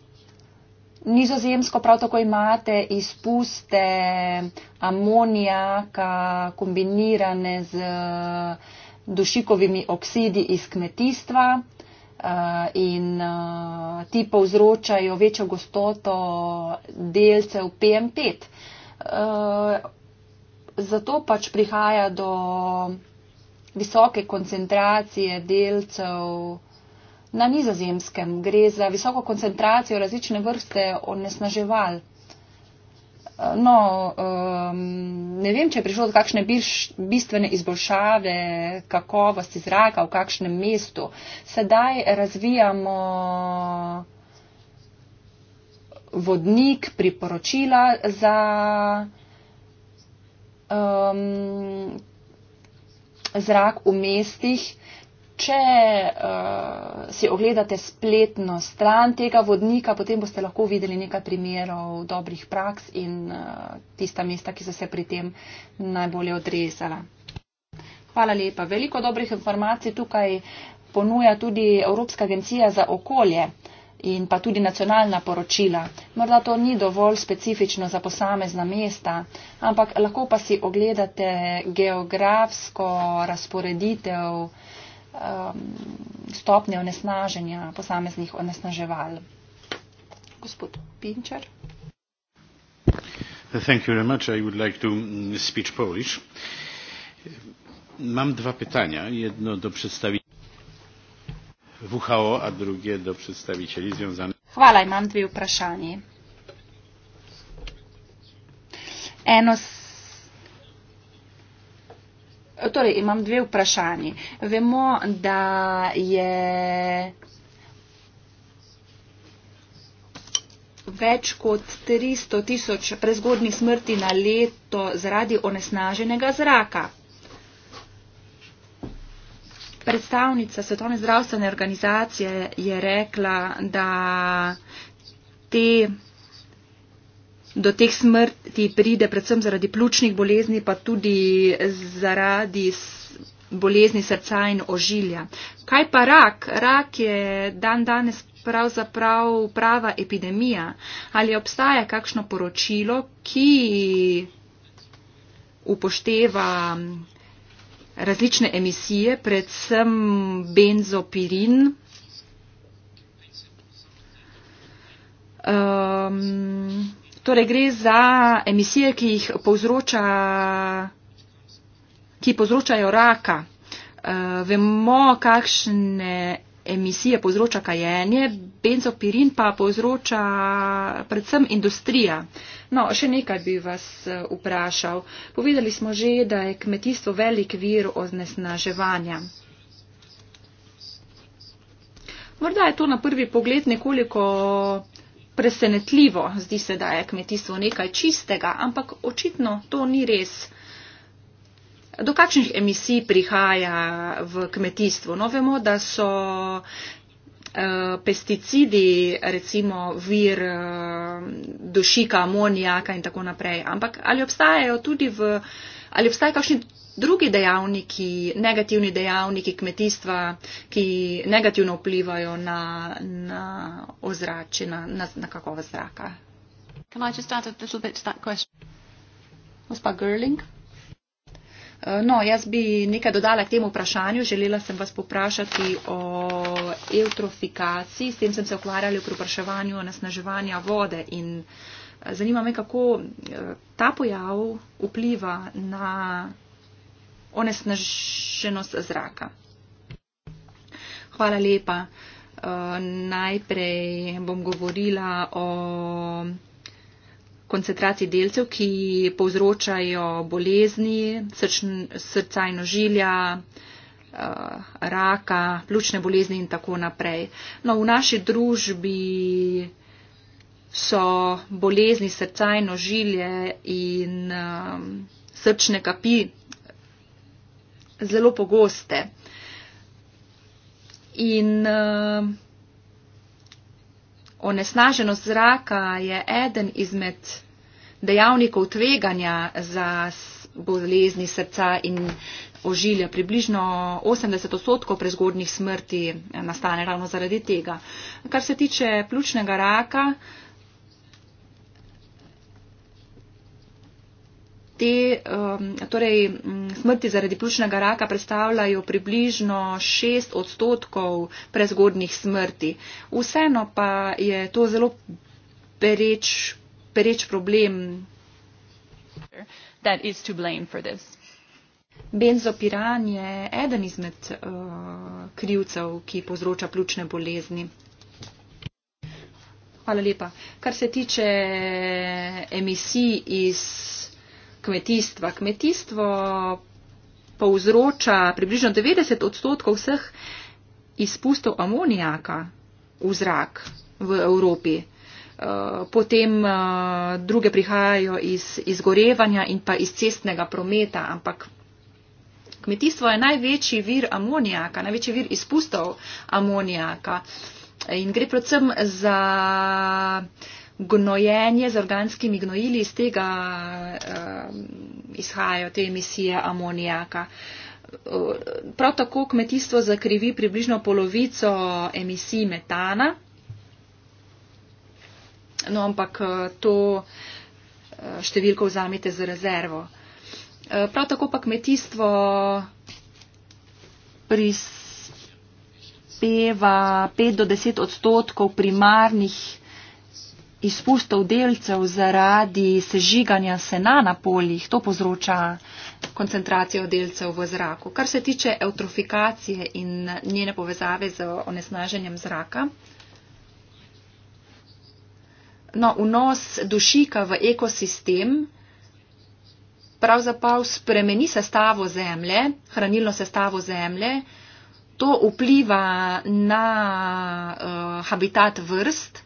Nizozemsko prav tako imate izpuste amonijaka kombinirane z eh, dušikovimi oksidi iz kmetijstva eh, in eh, ti povzročajo večjo gostoto delcev PM5. Zato pač prihaja do visoke koncentracije delcev na nizozemskem. Gre za visoko koncentracijo različne vrste onesnaževal. No, um, ne vem, če je prišlo do kakšne bistvene izboljšave kakovosti zraka v kakšnem mestu. Sedaj razvijamo vodnik priporočila za um, zrak v mestih. Če uh, si ogledate spletno stran tega vodnika, potem boste lahko videli nekaj primerov dobrih praks in uh, tista mesta, ki so se pri tem najbolje odrezala. Hvala lepa. Veliko dobrih informacij tukaj ponuja tudi Evropska agencija za okolje. Uh, in pa tudi nacionalna poročila. Morda to ni dovolj specifično za posamezna mesta, ampak lahko pa si ogledate geografsko razporeditev um, stopnje onesnaženja posameznih onesnaževal. Gospod Pinčer. Thank you very much. I would like to mm, speak Polish. Mam dwa pytania. Jedno do przedstawienia. WHO, a drugie do przedstawicieli związanych. Chwalaj, mam dwie upraszanie. Eno s... Torej, imam dve vprašanje. Vemo, da je več kot 300 tisoč prezgodnih smrti na leto zaradi onesnaženega zraka predstavnica Svetovne zdravstvene organizacije je rekla, da te, do teh smrti pride predvsem zaradi pljučnih bolezni, pa tudi zaradi bolezni srca in ožilja. Kaj pa rak? Rak je dan danes pravzaprav prava epidemija. Ali obstaja kakšno poročilo, ki upošteva različne emisije, predvsem benzopirin. Um, torej gre za emisije, ki jih povzroča, ki povzročajo raka. Uh, vemo, kakšne emisije povzroča kajenje, benzopirin pa povzroča predvsem industrija. No, še nekaj bi vas eh, vprašal. Povedali smo že, da je kmetijstvo velik vir oznesnaževanja. Morda je to na prvi pogled nekoliko presenetljivo. Zdi se, da je kmetijstvo nekaj čistega, ampak očitno to ni res do kakšnih emisij prihaja v kmetijstvu. No, vemo, da so eh, pesticidi, recimo vir eh, dušika, amonijaka in tako naprej. Ampak ali obstajajo tudi v, ali obstajajo kakšni drugi dejavniki, negativni dejavniki kmetijstva, ki negativno vplivajo na, na ozračje, na, na, na kakovost zraka? Can I just add a little bit to that question? Was by Gerling? Eh, no, jaz bi nekaj dodala k temu vprašanju. Želela sem vas poprašati o eutrofikaciji. S tem sem se ukvarjala pri vpraševanju nasnaževanja vode in eh, zanima me, kako eh, ta pojav vpliva na onesnaženost zraka. Hvala lepa. Najprej bom govorila o koncentraciji delcev, ki povzročajo bolezni srčn, srca in ožilja, eh, raka, pljučne bolezni in tako naprej. No, v naši družbi so bolezni srca in ožilje eh, in srčne kapi zelo pogoste. In uh, onesnaženost zraka je eden izmed dejavnikov tveganja za bolezni srca in ožilja. Približno 80 odstotkov prezgodnih smrti eh, nastane ravno zaradi tega. Kar se tiče pljučnega raka, te um, torej, mm, smrti zaradi pljučnega raka predstavljajo približno 6 odstotkov prezgodnih smrti. Vseeno pa je to zelo pereč, pereč problem. Benzopiran je eden izmed uh, krivcev, ki povzroča pljučne bolezni. Hvala lepa. Kar se tiče emisij iz kmetijstva. Kmetijstvo povzroča približno 90 odstotkov vseh izpustov amonijaka v zrak v Evropi. Eh, potem eh, druge prihajajo iz izgorevanja in pa iz cestnega prometa, ampak kmetijstvo je največji vir amonijaka, največji vir izpustov amonijaka. In gre predvsem za uh, gnojenje z organskimi gnojili, iz tega uh, izhajajo te emisije amonijaka. Uh, prav tako kmetijstvo zakrivi približno polovico emisij metana. No, ampak to eh, številko vzamite za rezervo. Eh, prav tako pa kmetijstvo prispeva 5 do 10 odstotkov primarnih emisij izpustov delcev zaradi sežiganja sena na poljih, to povzroča koncentracijo delcev v zraku. Kar se tiče eutrofikacije in njene povezave z onesnaženjem zraka, no, vnos dušika v ekosistem pravzaprav spremeni sestavo zemlje, hranilno sestavo zemlje, to vpliva na uh, habitat vrst,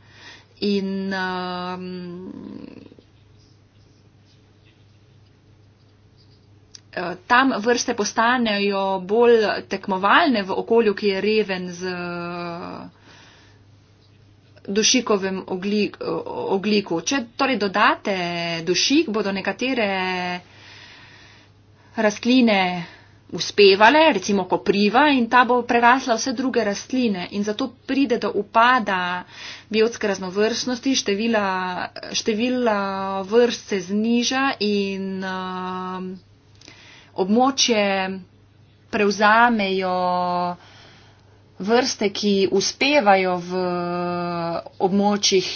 In um, tam vrste postanejo bolj tekmovalne v okolju, ki je reven z dušikovem oglik, ogliku. Če torej dodate dušik, bodo nekatere rastline uspevale, recimo kopriva in ta bo prerasla vse druge rastline in zato pride do upada biotske raznovrstnosti, števila, števila vrst se zniža in um, območje prevzamejo vrste, ki uspevajo v območjih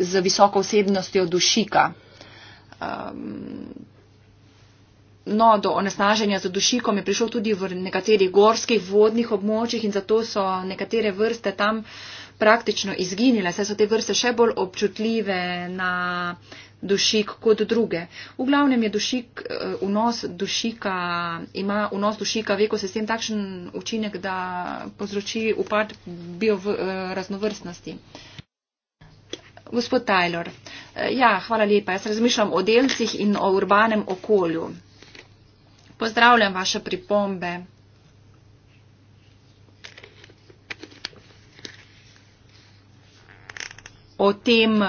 z visoko vsebnostjo dušika. Um, no, do onesnaženja z dušikom je prišlo tudi v nekaterih gorskih vodnih območjih in zato so nekatere vrste tam praktično izginile. Saj so te vrste še bolj občutljive na dušik kot druge. V glavnem je dušik, eh, vnos dušika, ima vnos dušika v ekosistem takšen učinek, da povzroči upad bioraznovrstnosti. Eh, Gospod Tyler, eh, ja, hvala lepa. Jaz razmišljam o delcih in o urbanem okolju. Pozdravljam vaše pripombe. O tem, eh,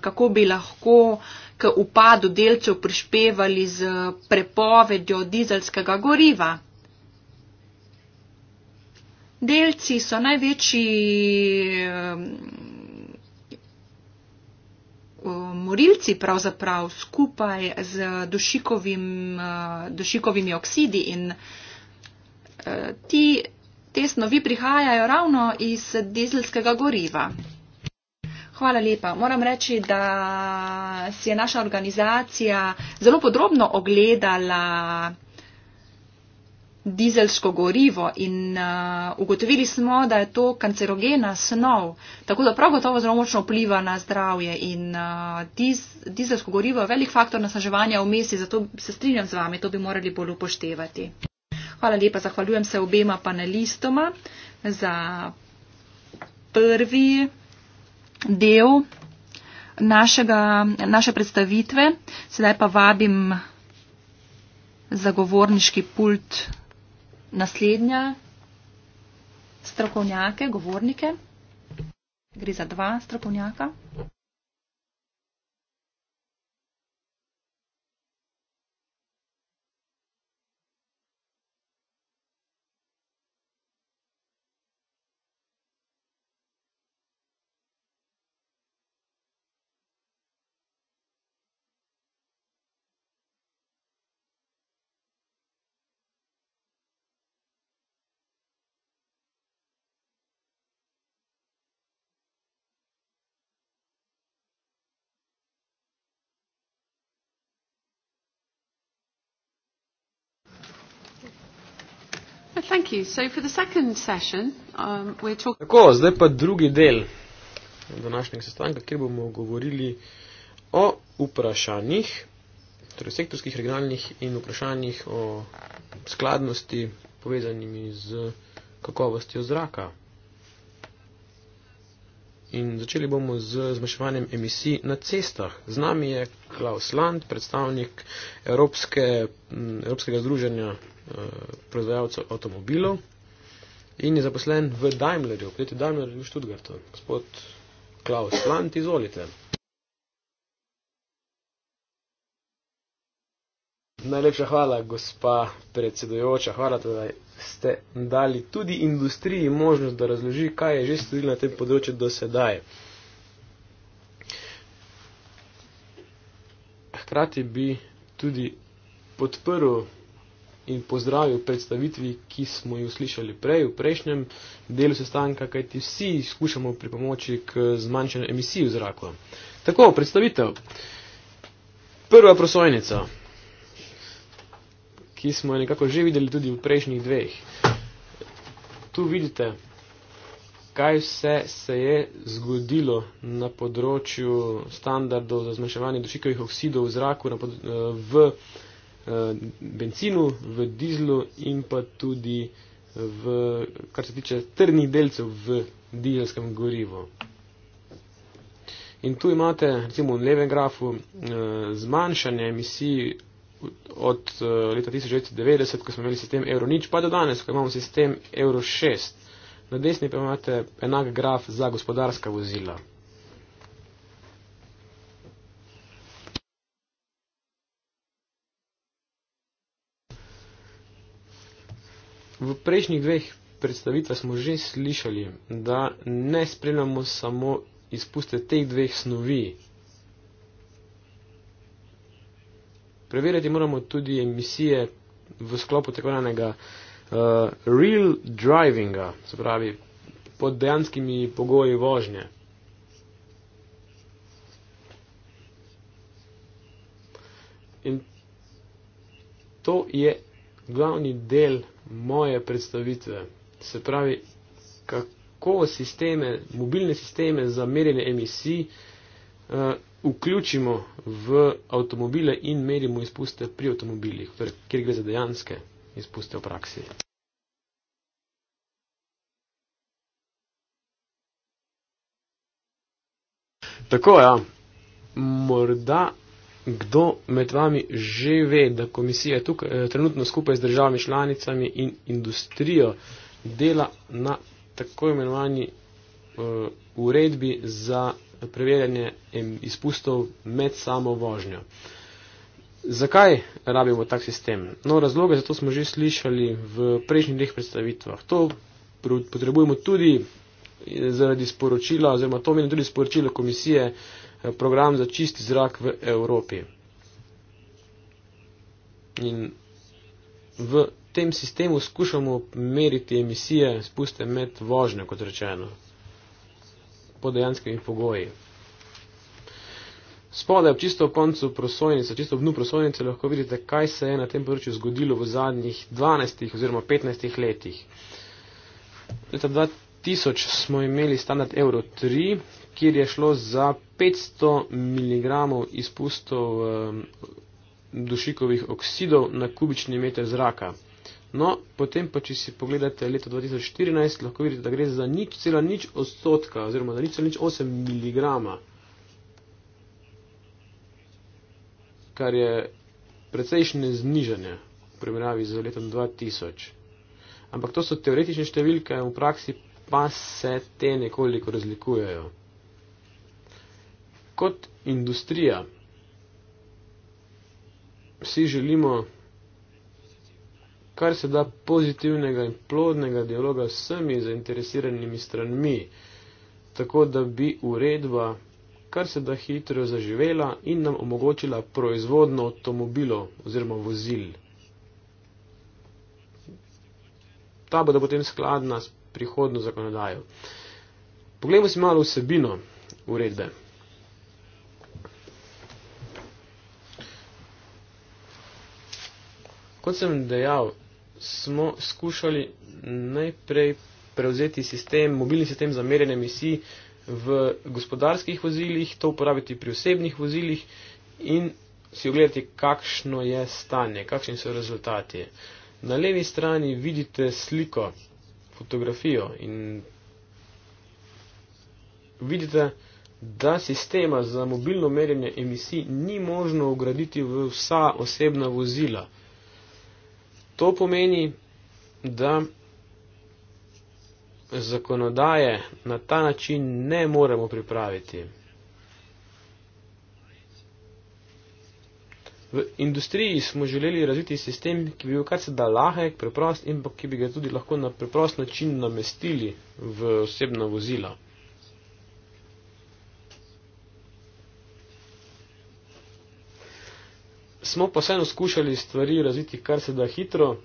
kako bi lahko k upadu delcev prišpevali z prepovedjo dizelskega goriva. Delci so največji. Eh, morilci pravzaprav skupaj z dušikovim, eh, dušikovimi oksidi in eh, ti, te snovi prihajajo ravno iz dizelskega goriva. Hvala lepa. Moram reči, da si je naša organizacija zelo podrobno ogledala dizelsko gorivo in uh, ugotovili smo, da je to kancerogena snov, tako da prav gotovo zelo močno vpliva na zdravje in uh, diz, dizelsko gorivo je velik faktor nasaževanja v mesi, zato se strinjam z vami, to bi morali bolj upoštevati. Hvala lepa, zahvaljujem se obema panelistoma za prvi del našega, naše predstavitve. Sedaj pa vabim zagovorniški pult naslednja strokovnjake, govornike. Gre za dva strokovnjaka. Thank you. So for the second session, um, we're talking. Tako, zdaj pa drugi del današnjega sestanka, kjer bomo govorili o vprašanjih, torej sektorskih, regionalnih in vprašanjih o skladnosti povezanimi z kakovostjo zraka. In začeli bomo z zmanjševanjem emisij na cestah. Z nami je Klaus Land, predstavnik Evropske, Evropskega združenja Eh, proizvajalcev avtomobilov in je zaposlen v Daimlerju, kajti Daimler je v Študgartu. Gospod Klaus Plant, izvolite. Najlepša hvala, gospa predsedujoča. Hvala, da ste dali tudi industriji možnost, da razloži, kaj je že storila na tem področju do sedaj. Hkrati bi tudi podprl in pozdravi v predstavitvi, ki smo jo slišali prej v prejšnjem delu sestanka, kajti vsi skušamo pripomoči k zmanjšanju emisij v zraku. Tako, predstavitev. Prva prosojnica, ki smo jo nekako že videli tudi v prejšnjih dveh. Tu vidite, kaj vse se je zgodilo na področju standardov za zmanjševanje dušikovih oksidov v zraku v, v Eh, bencinu, v dizlu in pa tudi, v, kar se tiče trdnih delcev v dizelskem gorivu. In tu imate, recimo, v levem grafu eh, zmanjšanje emisij od eh, leta 1990, ko smo imeli sistem Euro nič, pa do danes, ko imamo sistem Euro 6. Na desni pa imate enak graf za gospodarska vozila. V prejšnjih dveh predstavitvah smo že slišali, da ne spremljamo samo izpuste teh dveh snovi. Preverjati moramo tudi emisije v sklopu tako imenega uh, eh, real drivinga, se pravi pod dejanskimi pogoji vožnje. In to je glavni del moje predstavitve. Se pravi, kako sisteme, mobilne sisteme za merjenje emisij eh, vključimo v avtomobile in merimo izpuste pri avtomobilih, torej, kjer gre za dejanske izpuste v praksi. Tako ja, morda kdo med vami že ve, da komisija tukaj, eh, trenutno skupaj z državami članicami in industrijo dela na tako imenovani uh, uredbi za preverjanje izpustov med samo vožnjo. Zakaj rabimo tak sistem? No, razloge za to smo že slišali v prejšnjih dveh predstavitvah. To potrebujemo tudi eh, zaradi sporočila, oziroma to meni tudi sporočilo komisije, Eh, program za čist zrak v Evropi. In v tem sistemu skušamo meriti emisije spuste med vožnjo, kot rečeno, po dejanskimi pogoji. Spodaj, čisto ob koncu prosojnice, čisto ob dnu prosojnice, lahko vidite, kaj se je na tem področju zgodilo v zadnjih 12 oziroma 15 letih. Leta 2000 smo imeli standard Euro 3, kjer je šlo za 500 mg izpustov eh, dušikovih oksidov na kubični meter zraka. No, potem pa, če si pogledate leto 2014, lahko vidite, da gre za nič cela nič odstotka oziroma za nič cela nič 8 mg. Kar je precejšnje znižanje v primerjavi z letom 2000. Ampak to so teoretične številke, v praksi pa se te nekoliko razlikujejo kot industrija vsi želimo kar se da pozitivnega in plodnega dialoga s vsemi zainteresiranimi stranmi, tako da bi uredba kar se da hitro zaživela in nam omogočila proizvodno avtomobilo oziroma vozil. Ta bo da potem skladna s prihodno zakonodajo. Poglejmo si malo vsebino uredbe. Kot sem dejal, smo skušali najprej prevzeti sistem, mobilni sistem za merjenje emisij v gospodarskih vozilih, to uporabiti pri osebnih vozilih in si ogledati, kakšno je stanje, kakšni so rezultati. Na levi strani vidite sliko, fotografijo in vidite, da sistema za mobilno merjenje emisij ni možno ugraditi v vsa osebna vozila. To pomeni, da zakonodaje na ta način ne moremo pripraviti. V industriji smo želeli razviti sistem, ki bi bil kar se da lahek, preprost in pa ki bi ga tudi lahko na preprost način namestili v osebna vozila. smo pa vseeno skušali stvari razviti kar se da hitro,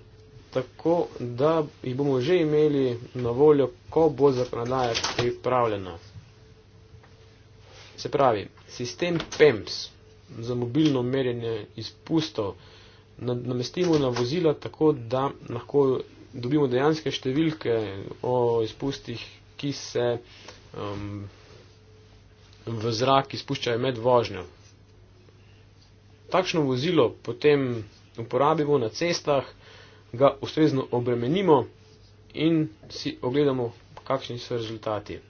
tako da jih bomo že imeli na voljo, ko bo zakonodaja pripravljena. Se pravi, sistem PEMS za mobilno merjenje izpustov namestimo na vozila tako, da lahko dobimo dejanske številke o izpustih, ki se um, v zrak izpuščajo med vožnjo takšno vozilo potem uporabimo na cestah, ga ustrezno obremenimo in si ogledamo, kakšni so rezultati.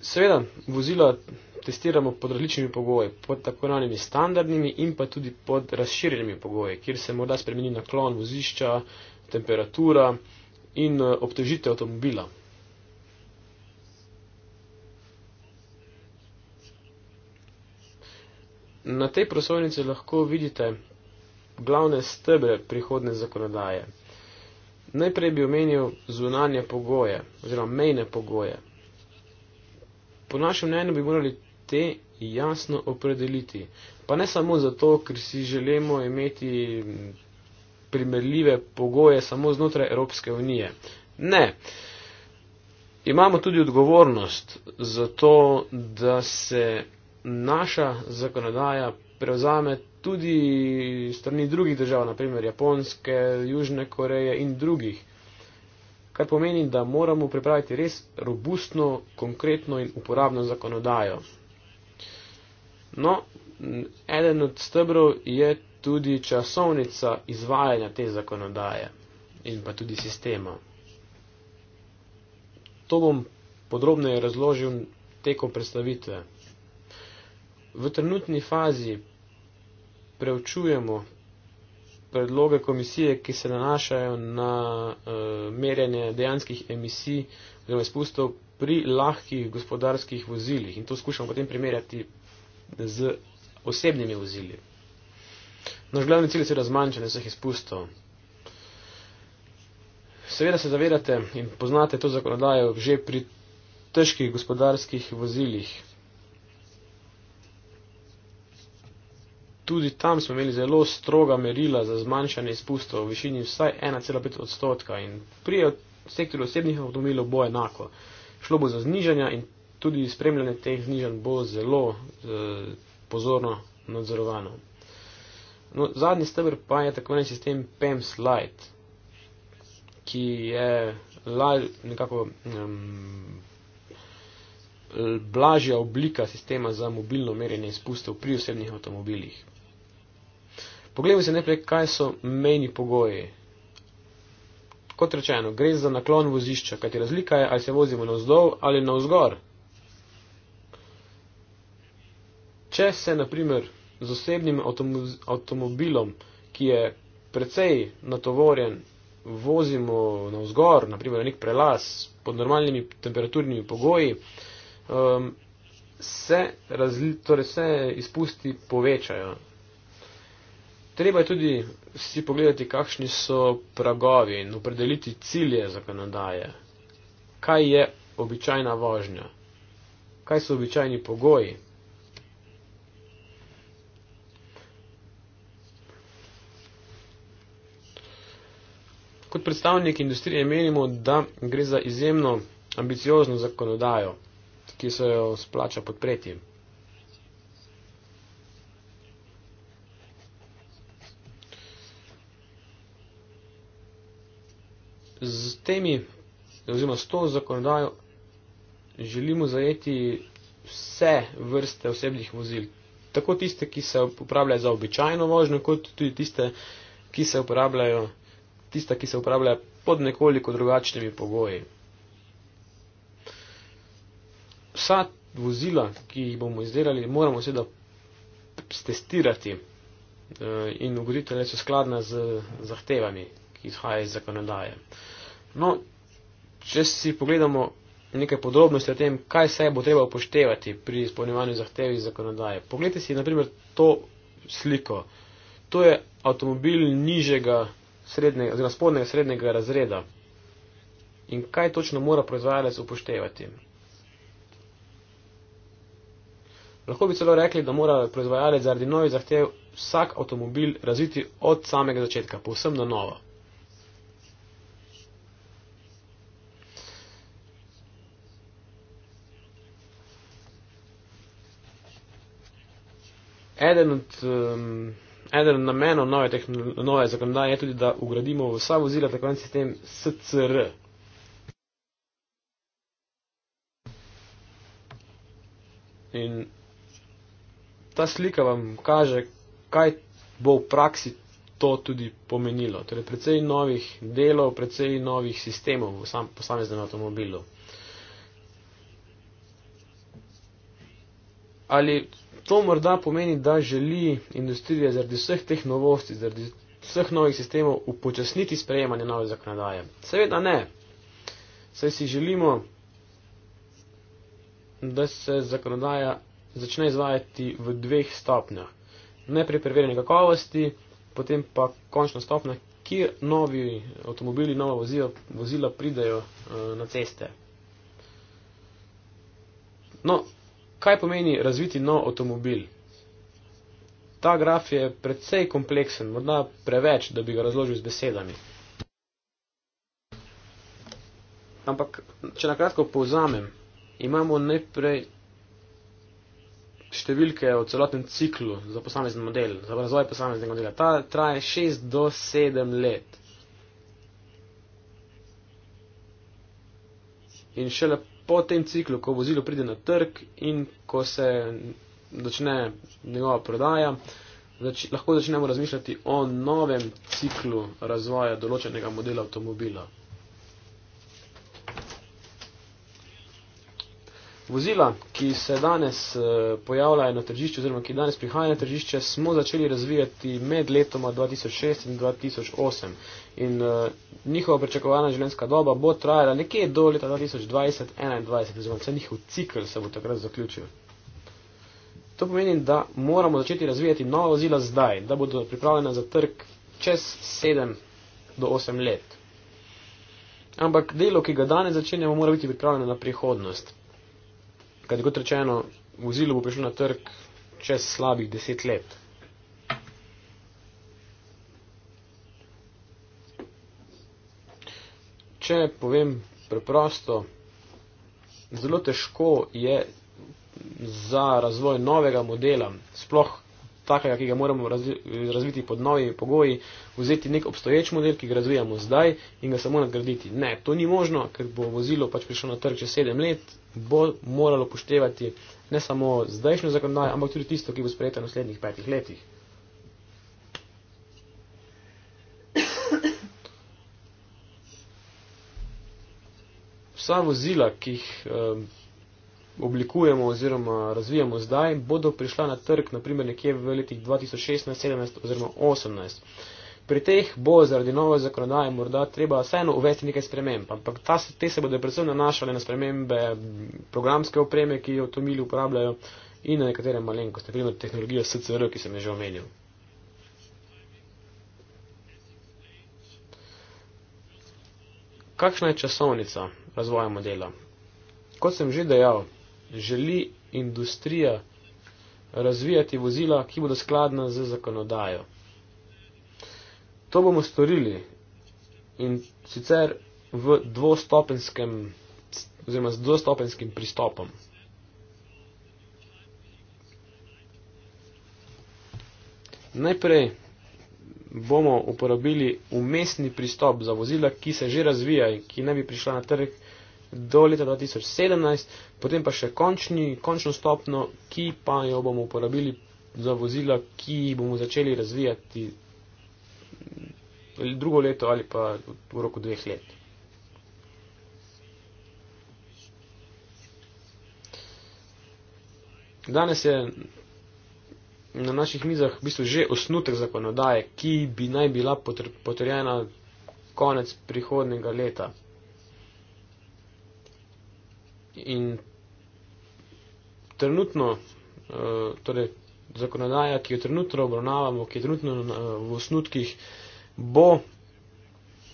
Seveda, vozila testiramo pod različnimi pogoji, pod tako ranimi standardnimi in pa tudi pod razširjenimi pogoji, kjer se morda spremeni naklon vozišča, temperatura in eh, obtežitev avtomobila. Na tej prosovnici lahko vidite glavne stebre prihodne zakonodaje. Najprej bi omenil zunanje pogoje oziroma mejne pogoje. Po našem mnenju bi morali te jasno opredeliti. Pa ne samo zato, ker si želimo imeti primerljive pogoje samo znotraj Evropske unije. Ne. Imamo tudi odgovornost za to, da se naša zakonodaja prevzame tudi strani drugih držav, naprimer Japonske, Južne Koreje in drugih. Kar pomeni, da moramo pripraviti res robustno, konkretno in uporabno zakonodajo. No, eden od stebrov je tudi časovnica izvajanja te zakonodaje in pa tudi sistema. To bom podrobneje razložil tekom predstavitve. V trenutni fazi preučujemo predloge komisije, ki se nanašajo na uh, eh, merjanje dejanskih emisij oziroma izpustov pri lahkih gospodarskih vozilih in to skušamo potem primerjati z osebnimi vozili. Naš glavni cilj je seveda zmanjšanje vseh izpustov. Seveda se zavedate in poznate to zakonodajo že pri težkih gospodarskih vozilih, tudi tam smo imeli zelo stroga merila za zmanjšanje izpustov v višini vsaj 1,5 odstotka in pri sektorju osebnih avtomobilov bo enako. Šlo bo za znižanja in tudi spremljanje teh znižanj bo zelo eh, pozorno nadzorovano. No, zadnji stebr pa je tako en sistem PEMS Light, ki je laj, nekako um, blažja oblika sistema za mobilno merjenje izpustov pri osebnih avtomobilih. Poglejmo si najprej, kaj so mejni pogoji. Kot rečeno, gre za naklon vozišča, kajti razlika je, ali se vozimo navzdol ali navzgor. Če se naprimer z osebnim avtomobilom, ki je precej natovorjen, vozimo navzgor, naprimer na nek prelas pod normalnimi temperaturnimi pogoji, um, se, razli, torej se izpusti povečajo, Treba je tudi si pogledati, kakšni so pragovi in opredeliti cilje zakonodaje. Kaj je običajna vožnja? Kaj so običajni pogoji? Kot predstavnik industrije menimo, da gre za izjemno ambiciozno zakonodajo, ki se jo splača podpreti. z temi, oziroma s to zakonodajo, želimo zajeti vse vrste osebnih vozil. Tako tiste, ki se uporabljajo za običajno vožnjo, kot tudi tiste, ki se uporabljajo, tiste, ki se uporabljajo pod nekoliko drugačnimi pogoji. Vsa vozila, ki jih bomo izdelali, moramo seveda testirati eh, in ugotoviti, ali so skladna z zahtevami ki izhaja iz zakonodaje. No, če si pogledamo nekaj podrobnosti o tem, kaj se bo treba upoštevati pri izpolnjevanju zahtev iz zakonodaje. Poglejte si naprimer to sliko. To je avtomobil nižjega, srednjega, oziroma spodnega srednjega razreda. In kaj točno mora proizvajalec upoštevati? Lahko bi celo rekli, da mora proizvajalec zaradi novih zahtev vsak avtomobil razviti od samega začetka, povsem na novo. eden od, um, eden od namenov nove, nove zakonodaje je tudi, da ugradimo v vsa vozila takoven sistem SCR. In ta slika vam kaže, kaj bo v praksi to tudi pomenilo. Torej, precej novih delov, precej novih sistemov v sam, posameznem avtomobilu. Ali To morda pomeni, da želi industrija zaradi vseh teh novosti, zaradi vseh novih sistemov upočasniti sprejemanje nove zakonodaje. Seveda ne. Saj si želimo, da se zakonodaja začne izvajati v dveh stopnjah. Najprej preverjanje kakovosti, potem pa končna stopnja, kjer novi avtomobili, nova vozila, vozila pridajo eh, na ceste. No, kaj pomeni razviti nov avtomobil. Ta graf je precej kompleksen, morda preveč, da bi ga razložil z besedami. Ampak, če na kratko povzamem, imamo najprej številke o celotnem ciklu za posamezen model, za razvoj posameznega modela. Ta traje 6 do 7 let. In šele po tem ciklu, ko vozilo pride na trg in ko se začne njegova prodaja, zač lahko začnemo razmišljati o novem ciklu razvoja določenega modela avtomobila. Vozila, ki se danes eh, pojavljajo na tržišču oziroma ki danes prihajajo na tržišče, smo začeli razvijati med letoma 2006 in 2008. In uh, njihova pričakovana življenjska doba bo trajala nekje do leta 2020-2021, oziroma vse njihov cikl se bo takrat zaključil. To pomeni, da moramo začeti razvijati nova vozila zdaj, da bodo pripravljena za trg čez 7 do 8 let. Ampak delo, ki ga danes začenjamo, mora biti pripravljeno na prihodnost kaj kot rečeno, vozilo bo prišlo na trg čez slabih deset let. Če povem preprosto, zelo težko je za razvoj novega modela, sploh takega, ki ga moramo razvi, razviti pod novimi pogoji, vzeti nek obstoječ model, ki ga razvijamo zdaj in ga samo nadgraditi. Ne, to ni možno, ker bo vozilo pač prišlo na trg čez sedem let, bo moralo poštevati ne samo zdajšnjo zakonodajo, ampak tudi tisto, ki bo sprejeta v naslednjih petih letih. Vsa vozila, ki jih. Um, oblikujemo oziroma razvijamo zdaj, bodo prišla na trg naprimer nekje v letih 2016, 17 oziroma 18. Pri teh bo zaradi nove zakonodaje morda treba vseeno uvesti nekaj sprememb, ampak ta, te se bodo predvsem nanašale na spremembe programske opreme, ki jo avtomobili uporabljajo in na nekatere malenkosti, naprimer tehnologijo SCR, ki sem jo že omenil. Kakšna je časovnica razvoja modela? Kot sem že dejal, želi industrija razvijati vozila, ki bodo skladna z zakonodajo. To bomo storili in sicer v dvostopenskem oziroma z dvostopenskim pristopom. Najprej bomo uporabili umestni pristop za vozila, ki se že razvija in ki ne bi prišla na trg do leta 2017, potem pa še končni, končno stopno, ki pa jo bomo uporabili za vozila, ki bomo začeli razvijati drugo leto ali pa v roku dveh let. Danes je na naših mizah v bistvu že osnutek zakonodaje, ki bi naj bila potrjena konec prihodnega leta. In trenutno, eh, torej zakonodaja, ki jo trenutno obravnavamo, ki je trenutno eh, v osnutkih, bo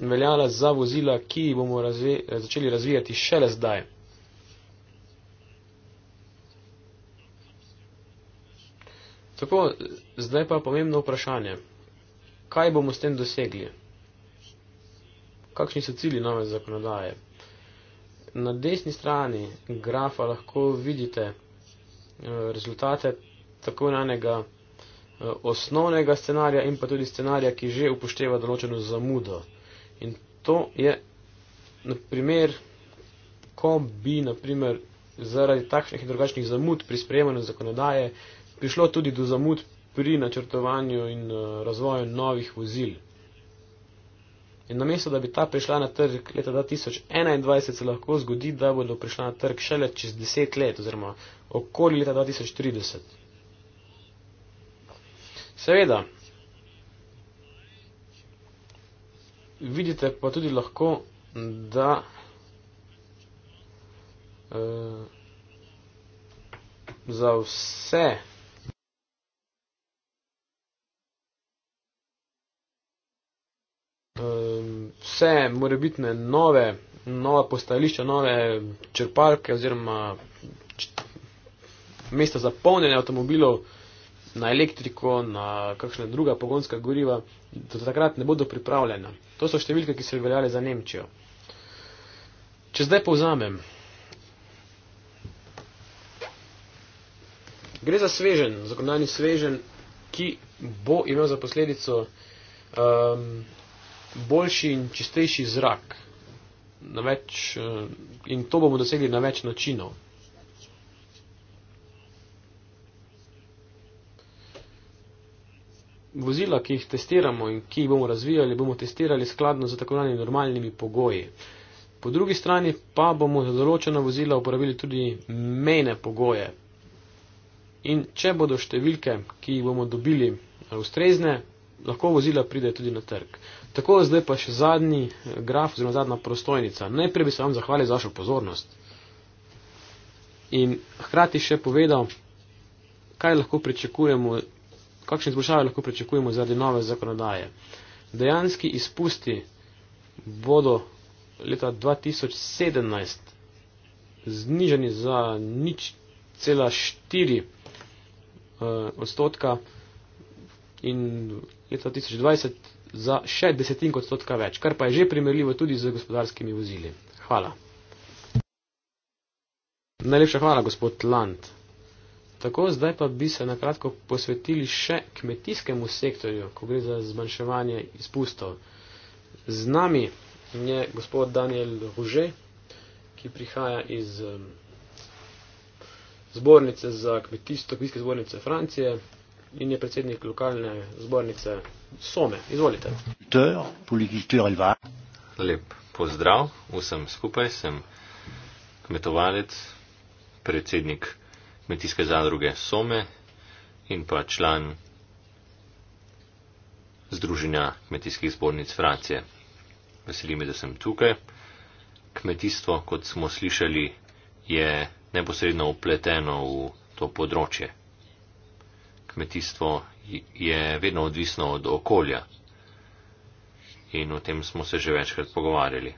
veljala za vozila, ki bomo razve, eh, začeli razvijati šele zdaj. Tako, zdaj pa pomembno vprašanje. Kaj bomo s tem dosegli? Kakšni so cilji nove zakonodaje? na desni strani grafa lahko vidite eh, rezultate tako enega eh, osnovnega scenarija in pa tudi scenarija, ki že upošteva določeno zamudo. In to je na primer, ko bi na primer zaradi takšnih in drugačnih zamud pri sprejemanju zakonodaje prišlo tudi do zamud pri načrtovanju in eh, razvoju novih vozil. In namesto, da bi ta prišla na trg leta 2021, se lahko zgodi, da bodo prišla na trg šele čez 10 let oziroma okoli leta 2030. Seveda, vidite pa tudi lahko, da uh, za vse Ehm, vse morebitne nove, nova postajališča, nove črpalke oziroma mesta za polnjenje avtomobilov na elektriko, na kakšna druga pogonska goriva, do takrat ne bodo pripravljena. To so številke, ki so veljale za Nemčijo. Če zdaj povzamem, gre za svežen, zakonodajni svežen, ki bo imel za posledico um, boljši in čistejši zrak. Na več, eh, in to bomo dosegli na več načinov. Vozila, ki jih testiramo in ki jih bomo razvijali, bomo testirali skladno z tako danimi normalnimi pogoji. Po drugi strani pa bomo za določena vozila uporabili tudi mejne pogoje. In če bodo številke, ki jih bomo dobili, eh, ustrezne, lahko vozila pride tudi na trg. Tako, zdaj pa še zadnji eh, graf, oziroma zadnja prostojnica. Najprej bi se vam zahvalil za vašo pozornost. In hkrati še povedal, kaj lahko pričakujemo, kakšne izboljšave lahko pričakujemo zaradi nove zakonodaje. Dejanski izpusti bodo leta 2017 znižani za nič cela štiri eh, odstotka in leta 2020 za še desetink odstotka več, kar pa je že primerljivo tudi z gospodarskimi vozili. Hvala. Najlepša hvala, gospod Land. Tako, zdaj pa bi se nakratko posvetili še kmetijskemu sektorju, ko gre za zmanjševanje izpustov. Z nami je gospod Daniel Ruže, ki prihaja iz um, zbornice za kmetijstvo, kmetijske zbornice Francije, in je predsednik lokalne zbornice Some. Izvolite. Lep pozdrav vsem skupaj, sem kmetovalec, predsednik kmetijske zadruge Some in pa član Združenja kmetijskih zbornic Francije. Veseli me, da sem tukaj. Kmetijstvo, kot smo slišali, je neposredno upleteno v to področje kmetijstvo je vedno odvisno od okolja. In o tem smo se že večkrat pogovarjali.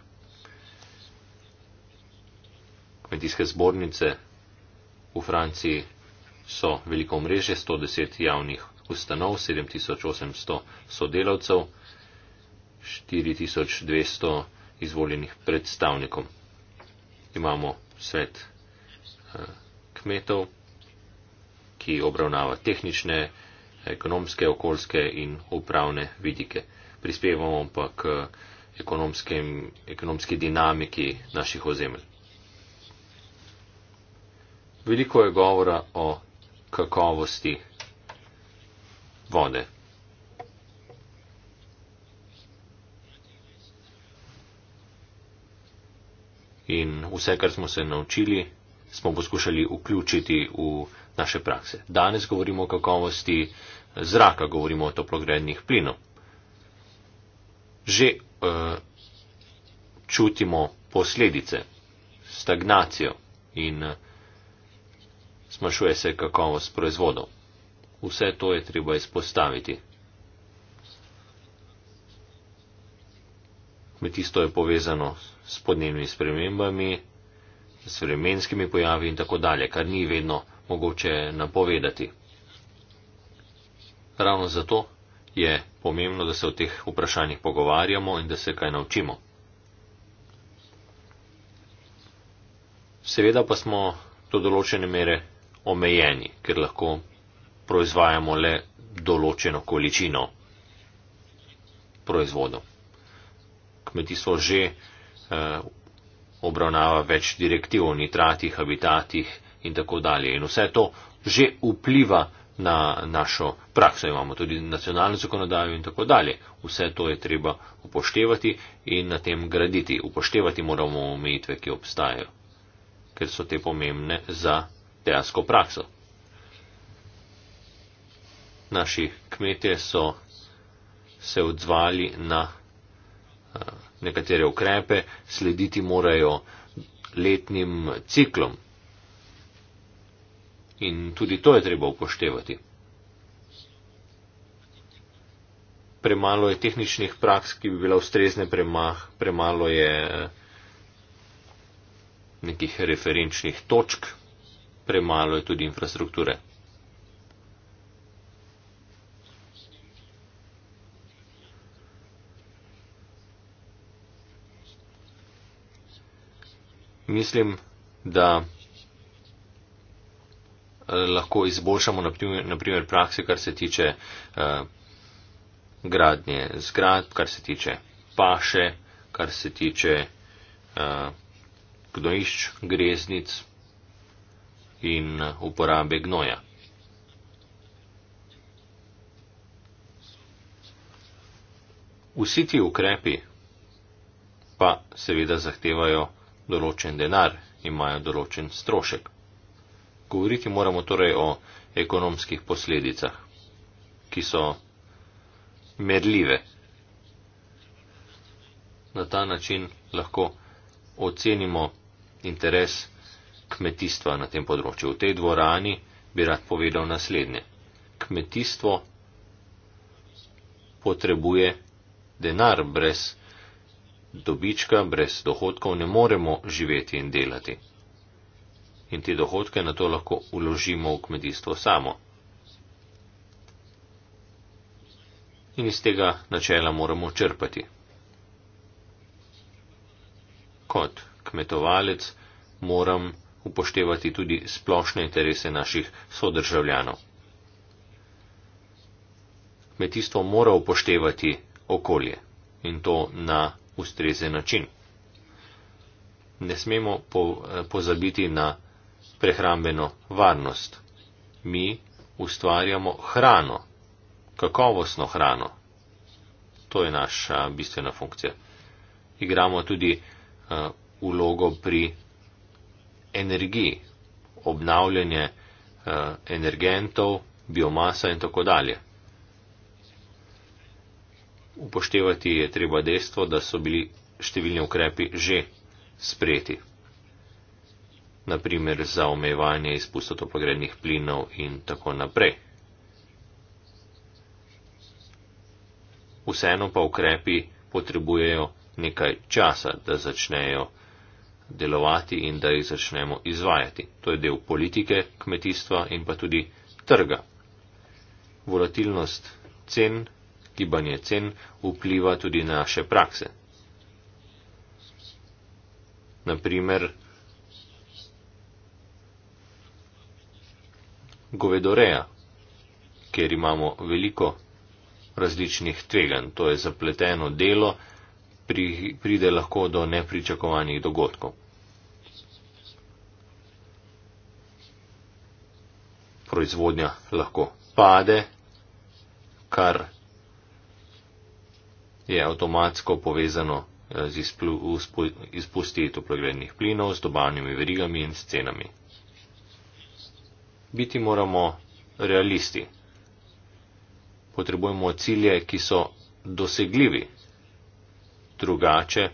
Kmetijske zbornice v Franciji so veliko mreže, 110 javnih ustanov, 7800 sodelavcev, 4200 izvoljenih predstavnikov. Imamo svet eh, kmetov, ki obravnava tehnične, ekonomske, okoljske in upravne vidike. Prispevamo pa k ekonomski dinamiki naših ozemelj. Veliko je govora o kakovosti vode. In vse, kar smo se naučili, smo poskušali vključiti v naše prakse. Danes govorimo o kakovosti zraka, govorimo o toplogrednih plinov. Že uh, čutimo posledice, stagnacijo in uh, eh, smašuje se kakovost proizvodov. Vse to je treba izpostaviti. Kmetijstvo je povezano s podnebnimi spremembami, s vremenskimi pojavi in tako dalje, kar ni vedno mogoče napovedati. Ravno zato je pomembno, da se o teh vprašanjih pogovarjamo in da se kaj naučimo. Seveda pa smo do določene mere omejeni, ker lahko proizvajamo le določeno količino proizvodov. Kmetijstvo že eh, obravnava več direktiv o nitratih, habitatih in tako dalje. In vse to že vpliva na našo prakso. Imamo tudi nacionalno zakonodajo in tako dalje. Vse to je treba upoštevati in na tem graditi. Upoštevati moramo omejitve, ki obstajajo, ker so te pomembne za dejansko prakso. Naši kmetje so se odzvali na nekatere ukrepe, slediti morajo letnim ciklom. In tudi to je treba upoštevati. Premalo je tehničnih praks, ki bi bila ustrezne premah, premalo je eh, nekih referenčnih točk, premalo je tudi infrastrukture. mislim, da eh, lahko izboljšamo naprimer prakse, kar se tiče uh, gradnje zgrad, kar se tiče paše, kar se tiče uh, gnojišč, greznic in uporabe gnoja. Vsi ti ukrepi pa seveda zahtevajo določen denar, imajo določen strošek. Govoriti moramo torej o ekonomskih posledicah, ki so merljive. Na ta način lahko ocenimo interes kmetijstva na tem področju. V tej dvorani bi rad povedal naslednje. Kmetijstvo potrebuje denar brez kmetijstva dobička, brez dohodkov ne moremo živeti in delati. In te dohodke na to lahko uložimo v kmetijstvo samo. In iz tega načela moramo črpati. Kot kmetovalec moram upoštevati tudi splošne interese naših sodržavljanov. Kmetijstvo mora upoštevati okolje in to na ustrezen način. Ne smemo po, eh, pozabiti na prehrambeno varnost. Mi ustvarjamo hrano, kakovostno hrano. To je naša bistvena funkcija. Igramo tudi uh, vlogo pri energiji, obnavljanje uh, energentov, biomasa in tako dalje upoštevati je treba dejstvo, da so bili številni ukrepi že sprejeti. Naprimer za omejevanje izpusta toplogrednih plinov in tako naprej. Vseeno pa ukrepi potrebujejo nekaj časa, da začnejo delovati in da jih začnemo izvajati. To je del politike, kmetijstva in pa tudi trga. Volatilnost cen gibanje cen vpliva tudi na naše prakse. Naprimer, govedoreja, kjer imamo veliko različnih tveganj, to je zapleteno delo, pri, pride lahko do nepričakovanih dogodkov. Proizvodnja lahko pade, kar je avtomatsko povezano eh, z izpusti toplogrednih plinov, s tobalnimi verigami in s cenami. Biti moramo realisti. Potrebujemo cilje, ki so dosegljivi. Drugače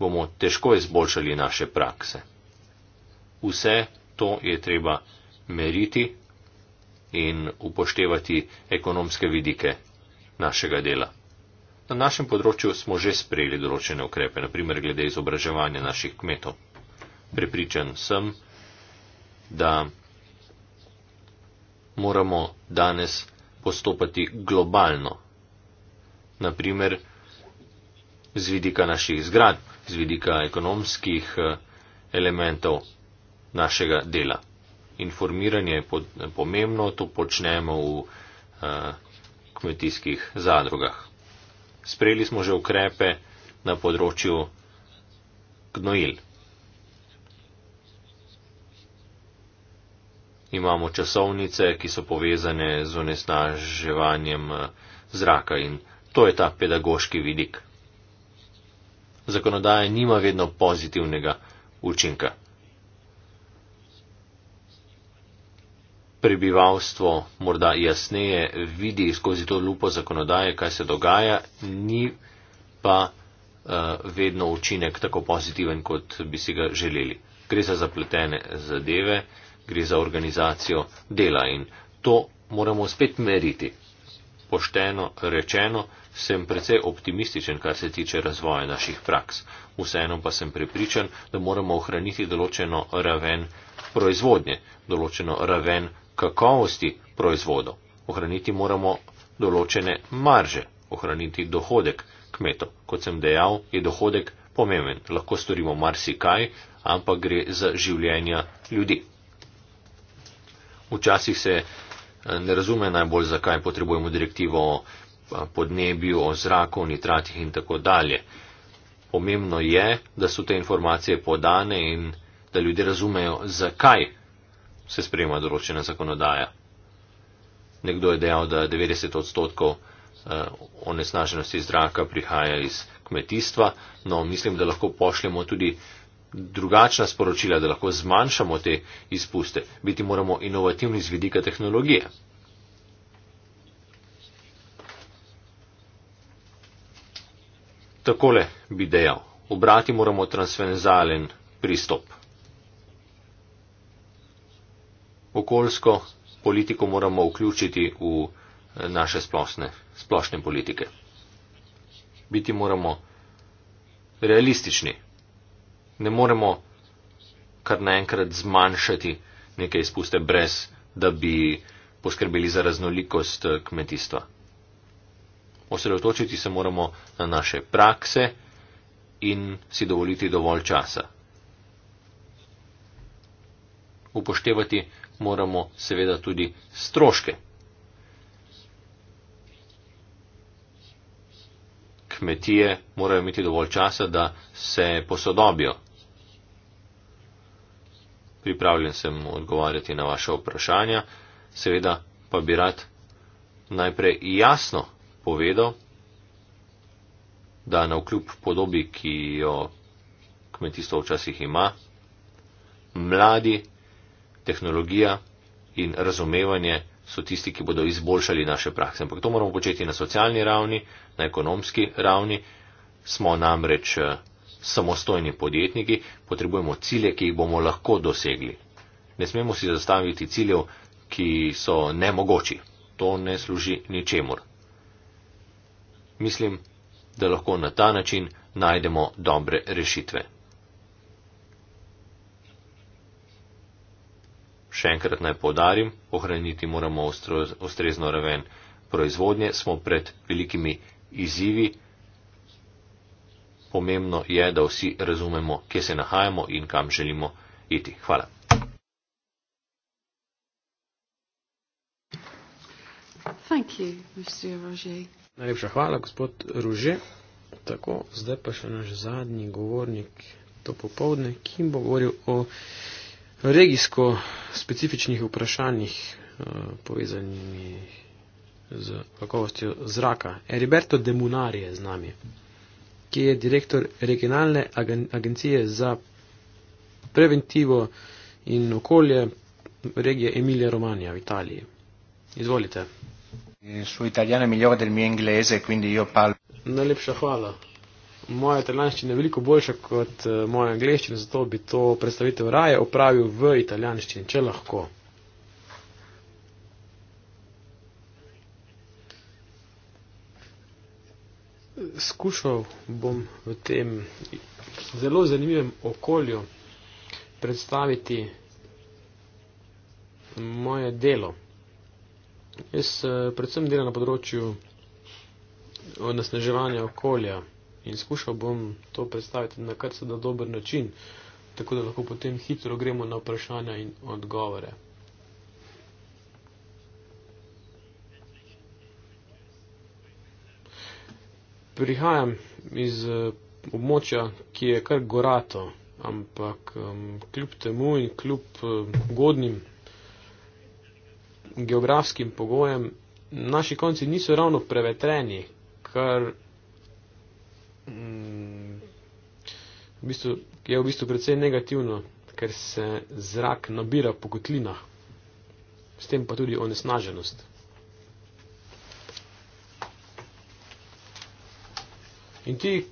bomo težko izboljšali naše prakse. Vse to je treba meriti in upoštevati ekonomske vidike našega dela. Na našem področju smo že sprejeli določene ukrepe, naprimer glede izobraževanja naših kmetov. Prepričan sem, da moramo danes postopati globalno. Naprimer, z vidika naših zgrad, z vidika ekonomskih eh, elementov našega dela. Informiranje je pomembno, to počnemo v eh, kmetijskih zadrugah. Sprejeli smo že ukrepe na področju gnojil. Imamo časovnice, ki so povezane z onesnaževanjem eh, zraka in to je ta pedagoški vidik. Zakonodaja nima vedno pozitivnega učinka. prebivalstvo morda jasneje vidi skozi to lupo zakonodaje, kaj se dogaja, ni pa uh, vedno učinek tako pozitiven, kot bi si ga želeli. Gre za zapletene zadeve, gre za organizacijo dela in to moramo spet meriti. Pošteno rečeno, sem precej optimističen, kar se tiče razvoja naših praks. Vseeno pa sem prepričan, da moramo ohraniti določeno raven proizvodnje, določeno raven kakovosti proizvodov. Ohraniti moramo določene marže, ohraniti dohodek kmetov. Kot sem dejal, je dohodek pomemben. Lahko storimo marsikaj, ampak gre za življenja ljudi. Včasih se eh, ne razume najbolj, zakaj potrebujemo direktivo o podnebju, o zraku, o nitratih in tako dalje. Pomembno je, da so te informacije podane in da ljudje razumejo, zakaj se sprejema določena zakonodaja. Nekdo je dejal, da 90 odstotkov eh, onesnaženosti zraka prihaja iz kmetijstva, no mislim, da lahko pošljemo tudi drugačna sporočila, da lahko zmanjšamo te izpuste. Biti moramo inovativni z vidika tehnologije. Takole bi dejal, obrati moramo transvenzalen pristop. okoljsko politiko moramo vključiti v eh, naše splošne, splošne politike. Biti moramo realistični. Ne moremo kar naenkrat zmanjšati neke izpuste, brez da bi poskrbeli za raznolikost eh, kmetijstva. Osredotočiti se moramo na naše prakse in si dovoliti dovolj časa. Upoštevati moramo seveda tudi stroške. Kmetije morajo imeti dovolj časa, da se posodobijo. Pripravljen sem odgovarjati na vaše vprašanja, seveda pa bi rad najprej jasno povedal, da na vkljub podobi, ki jo kmetijstvo včasih ima, mladi tehnologija in razumevanje so tisti, ki bodo izboljšali naše prakse. Ampak to moramo početi na socialni ravni, na ekonomski ravni. Smo namreč eh, samostojni podjetniki, potrebujemo cilje, ki jih bomo lahko dosegli. Ne smemo si zastaviti ciljev, ki so nemogoči. To ne služi ničemur. Mislim, da lahko na ta način najdemo dobre rešitve. še enkrat naj podarim, ohraniti moramo ostro, ustrezno raven proizvodnje, smo pred velikimi izzivi. Pomembno je, da vsi razumemo, kje se nahajamo in kam želimo iti. Hvala. Najlepša hvala, gospod Ruže. Tako, zdaj pa še naš zadnji govornik to popovdne, ki bo govoril o regijsko specifičnih vprašanjih eh, povezanih z kakovostjo zraka. Heriberto de Munari je z nami, ki je direktor regionalne agencije za preventivo in okolje regije Emilija Romanja v Italiji. Izvolite. Su italijano je miglior del mio inglese, quindi io parlo. Najlepša hvala moja italijanščina veliko boljša kot eh, moja angliščina, zato bi to predstavitev raje opravil v italijanščini, če lahko. Skušal bom v tem zelo zanimivem okolju predstaviti moje delo. Jaz eh, predvsem delam na področju onesnaževanja okolja in skušal bom to predstaviti na kar se da dober način, tako da lahko potem hitro gremo na vprašanja in odgovore. Prihajam iz eh, območja, ki je kar gorato, ampak um, kljub temu in kljub eh, um, godnim geografskim pogojem, naši konci niso ravno prevetreni, kar Mm, v bistvu, je v bistvu precej negativno, ker se zrak nabira po kotlinah, s tem pa tudi onesnaženost. In ti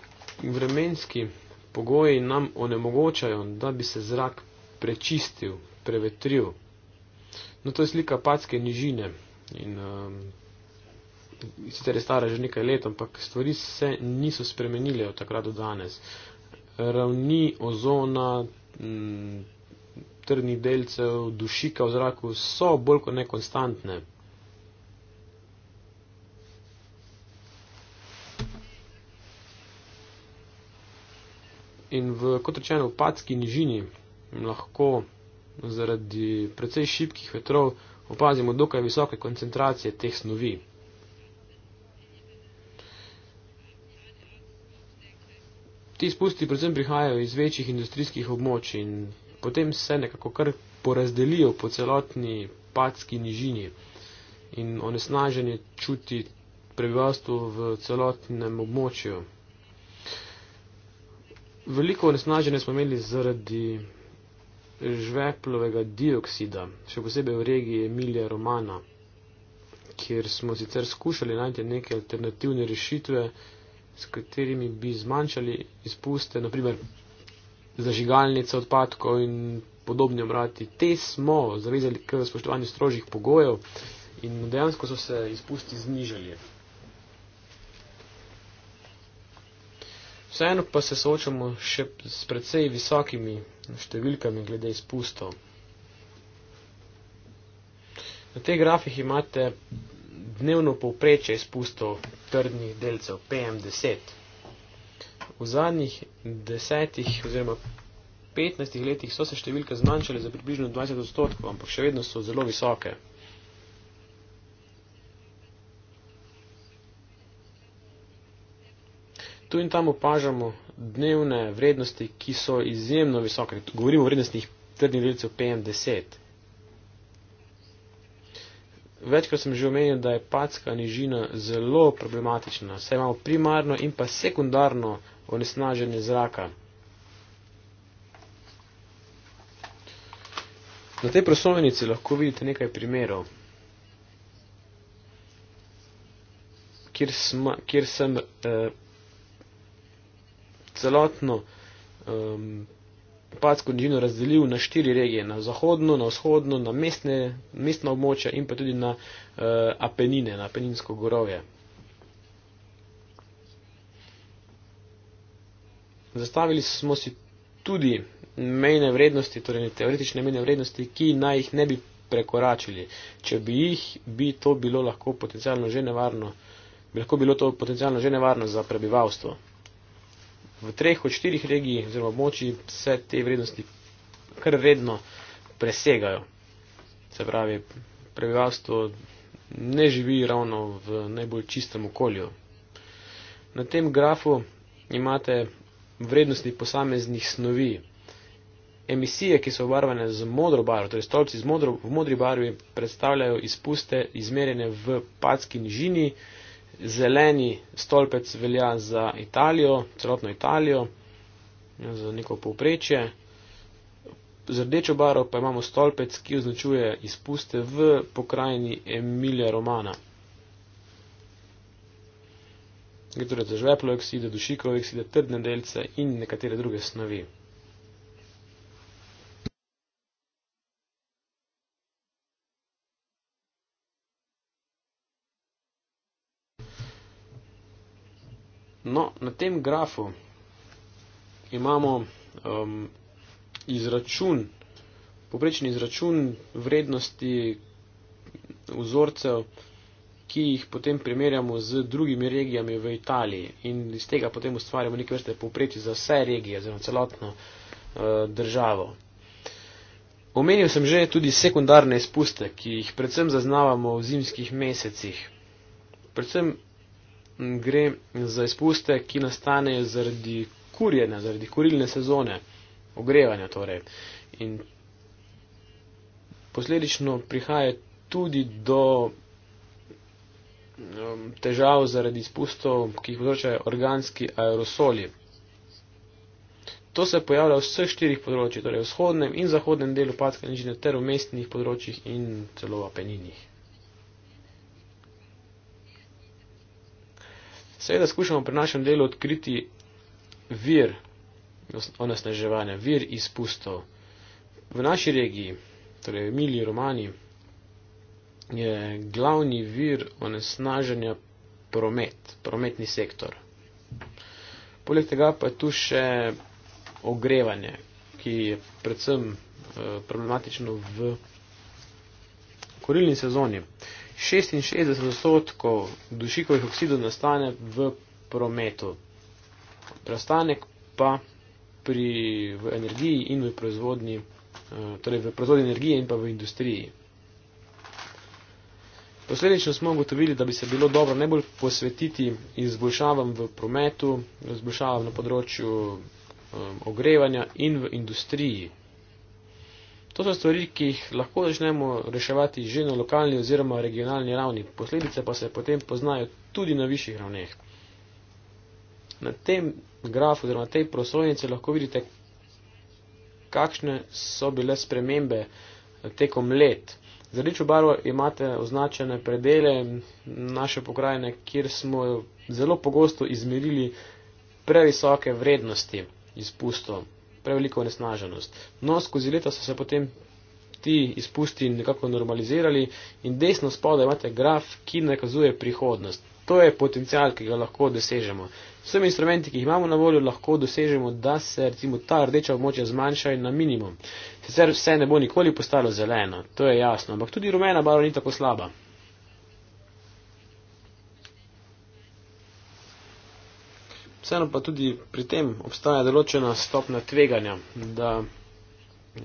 vremenski pogoji nam onemogočajo, da bi se zrak prečistil, prevetril. No, to je slika Patske nižine in um, sicer je stara že nekaj let, ampak stvari se niso spremenile od takrat do danes. Ravni ozona, mm, trdnih delcev, dušika v zraku so bolj kot nekonstantne. In v, kot rečeno, v padski nižini lahko zaradi precej šibkih vetrov opazimo dokaj visoke koncentracije teh snovi. Ti izpusti predvsem prihajajo iz večjih industrijskih območij in potem se nekako kar porazdelijo po celotni patski nižini in onesnaženje čuti prebivalstvo v celotnem območju. Veliko onesnaženje smo imeli zaradi žveplovega dioksida, še posebej v regiji Emilija Romana, kjer smo sicer skušali najti neke alternativne rešitve, s katerimi bi zmanjšali izpuste, naprimer zažigalnice odpadkov in podobne obrati. Te smo zavezali k spoštovanju strožjih pogojev in dejansko so se izpusti znižali. Vseeno pa se soočamo še s precej visokimi številkami glede izpustov. Na teh grafih imate dnevno povpreče izpustov trdnih delcev PM10. V zadnjih desetih oziroma 15 letih so se številke zmanjšale za približno 20 odstotkov, ampak še vedno so zelo visoke. Tu in tam opažamo dnevne vrednosti, ki so izjemno visoke. Govorimo o vrednostih trdnih delcev PM10. Večkrat sem že omenil, da je packa nižina zelo problematična, saj imamo primarno in pa sekundarno onesnaženje zraka. Na tej prosovnici lahko vidite nekaj primerov, kjer, sma, kjer sem eh, celotno eh, Padsko nižino razdelil na štiri regije: na zahodno, na vzhodno, na mestne, mestna območja in pa tudi na uh, Apenine, na Apeninsko gorovje. Zastavili smo si tudi mejne vrednosti, torej teoretične mejne vrednosti, ki naj jih ne bi prekoračili. Če bi jih, bi to bilo lahko potencialno že nevarno, bi lahko bilo to potencialno že nevarno za prebivalstvo v treh od štirih regij oziroma moči se te vrednosti kar vedno presegajo. Se pravi, prebivalstvo ne živi ravno v najbolj čistem okolju. Na tem grafu imate vrednosti posameznih snovi. Emisije, ki so obarvane z modro barvo, torej stolpci z modro, v modri barvi predstavljajo izpuste izmerjene v packi nižini, zeleni stolpec velja za Italijo, celotno Italijo, za neko povprečje. Z rdečo baro pa imamo stolpec, ki označuje izpuste v pokrajini Emilija Romana. Gre torej za žveplo oksida, dušikov oksida, trdne delce in nekatere druge snovi. No, na tem grafu imamo um, izračun, poprečni izračun vrednosti vzorcev, ki jih potem primerjamo z drugimi regijami v Italiji in iz tega potem ustvarjamo neke vrste poprečje za vse regije, za celotno uh, državo. Omenil sem že tudi sekundarne izpuste, ki jih predvsem zaznavamo v zimskih mesecih. Predvsem gre za izpuste, ki nastanejo zaradi kurjenja, zaradi kurilne sezone, ogrevanja torej. In posledično prihaja tudi do um, težav zaradi izpustov, ki jih povzročajo organski aerosoli. To se pojavlja v vseh štirih področjih, torej v vzhodnem in zahodnem delu patka nižine ter v mestnih področjih in celo v apeninih. Seveda skušamo pri našem delu odkriti vir onesnaževanja, vir izpustov. V naši regiji, torej Emiliji, Romani, je glavni vir onesnaženja promet, prometni sektor. Poleg tega pa je tu še ogrevanje, ki je predvsem eh, problematično v korilni sezoni. 66 odstotkov dušikovih oksidov nastane v prometu. Prestanek pa pri, v energiji in v proizvodni, eh, torej v proizvodni energiji in pa v industriji. Posledično smo ugotovili, da bi se bilo dobro najbolj posvetiti izboljšavam v prometu, izboljšavam na področju eh, ogrevanja in v industriji. To so stvari, ki jih lahko začnemo reševati že na lokalni oziroma regionalni ravni, posledice pa se potem poznajo tudi na višjih ravneh. Na tem grafu oziroma tej prosojnici lahko vidite, kakšne so bile spremembe tekom let. Z rdečo barvo imate označene predele naše pokrajine, kjer smo zelo pogosto izmerili previsoke vrednosti izpustov preveliko onesnaženost. No, skozi leta so se potem ti izpusti nekako normalizirali in desno spodaj imate graf, ki nakazuje prihodnost. To je potencial, ki ga lahko dosežemo. S temi instrumenti, ki jih imamo na voljo, lahko dosežemo, da se recimo ta rdeča območja zmanjšajo na minimum. Sicer vse ne bo nikoli postalo zeleno, to je jasno, ampak tudi rumena barva ni tako slaba. Vseeno pa tudi pri tem obstaja določena stopna tveganja, da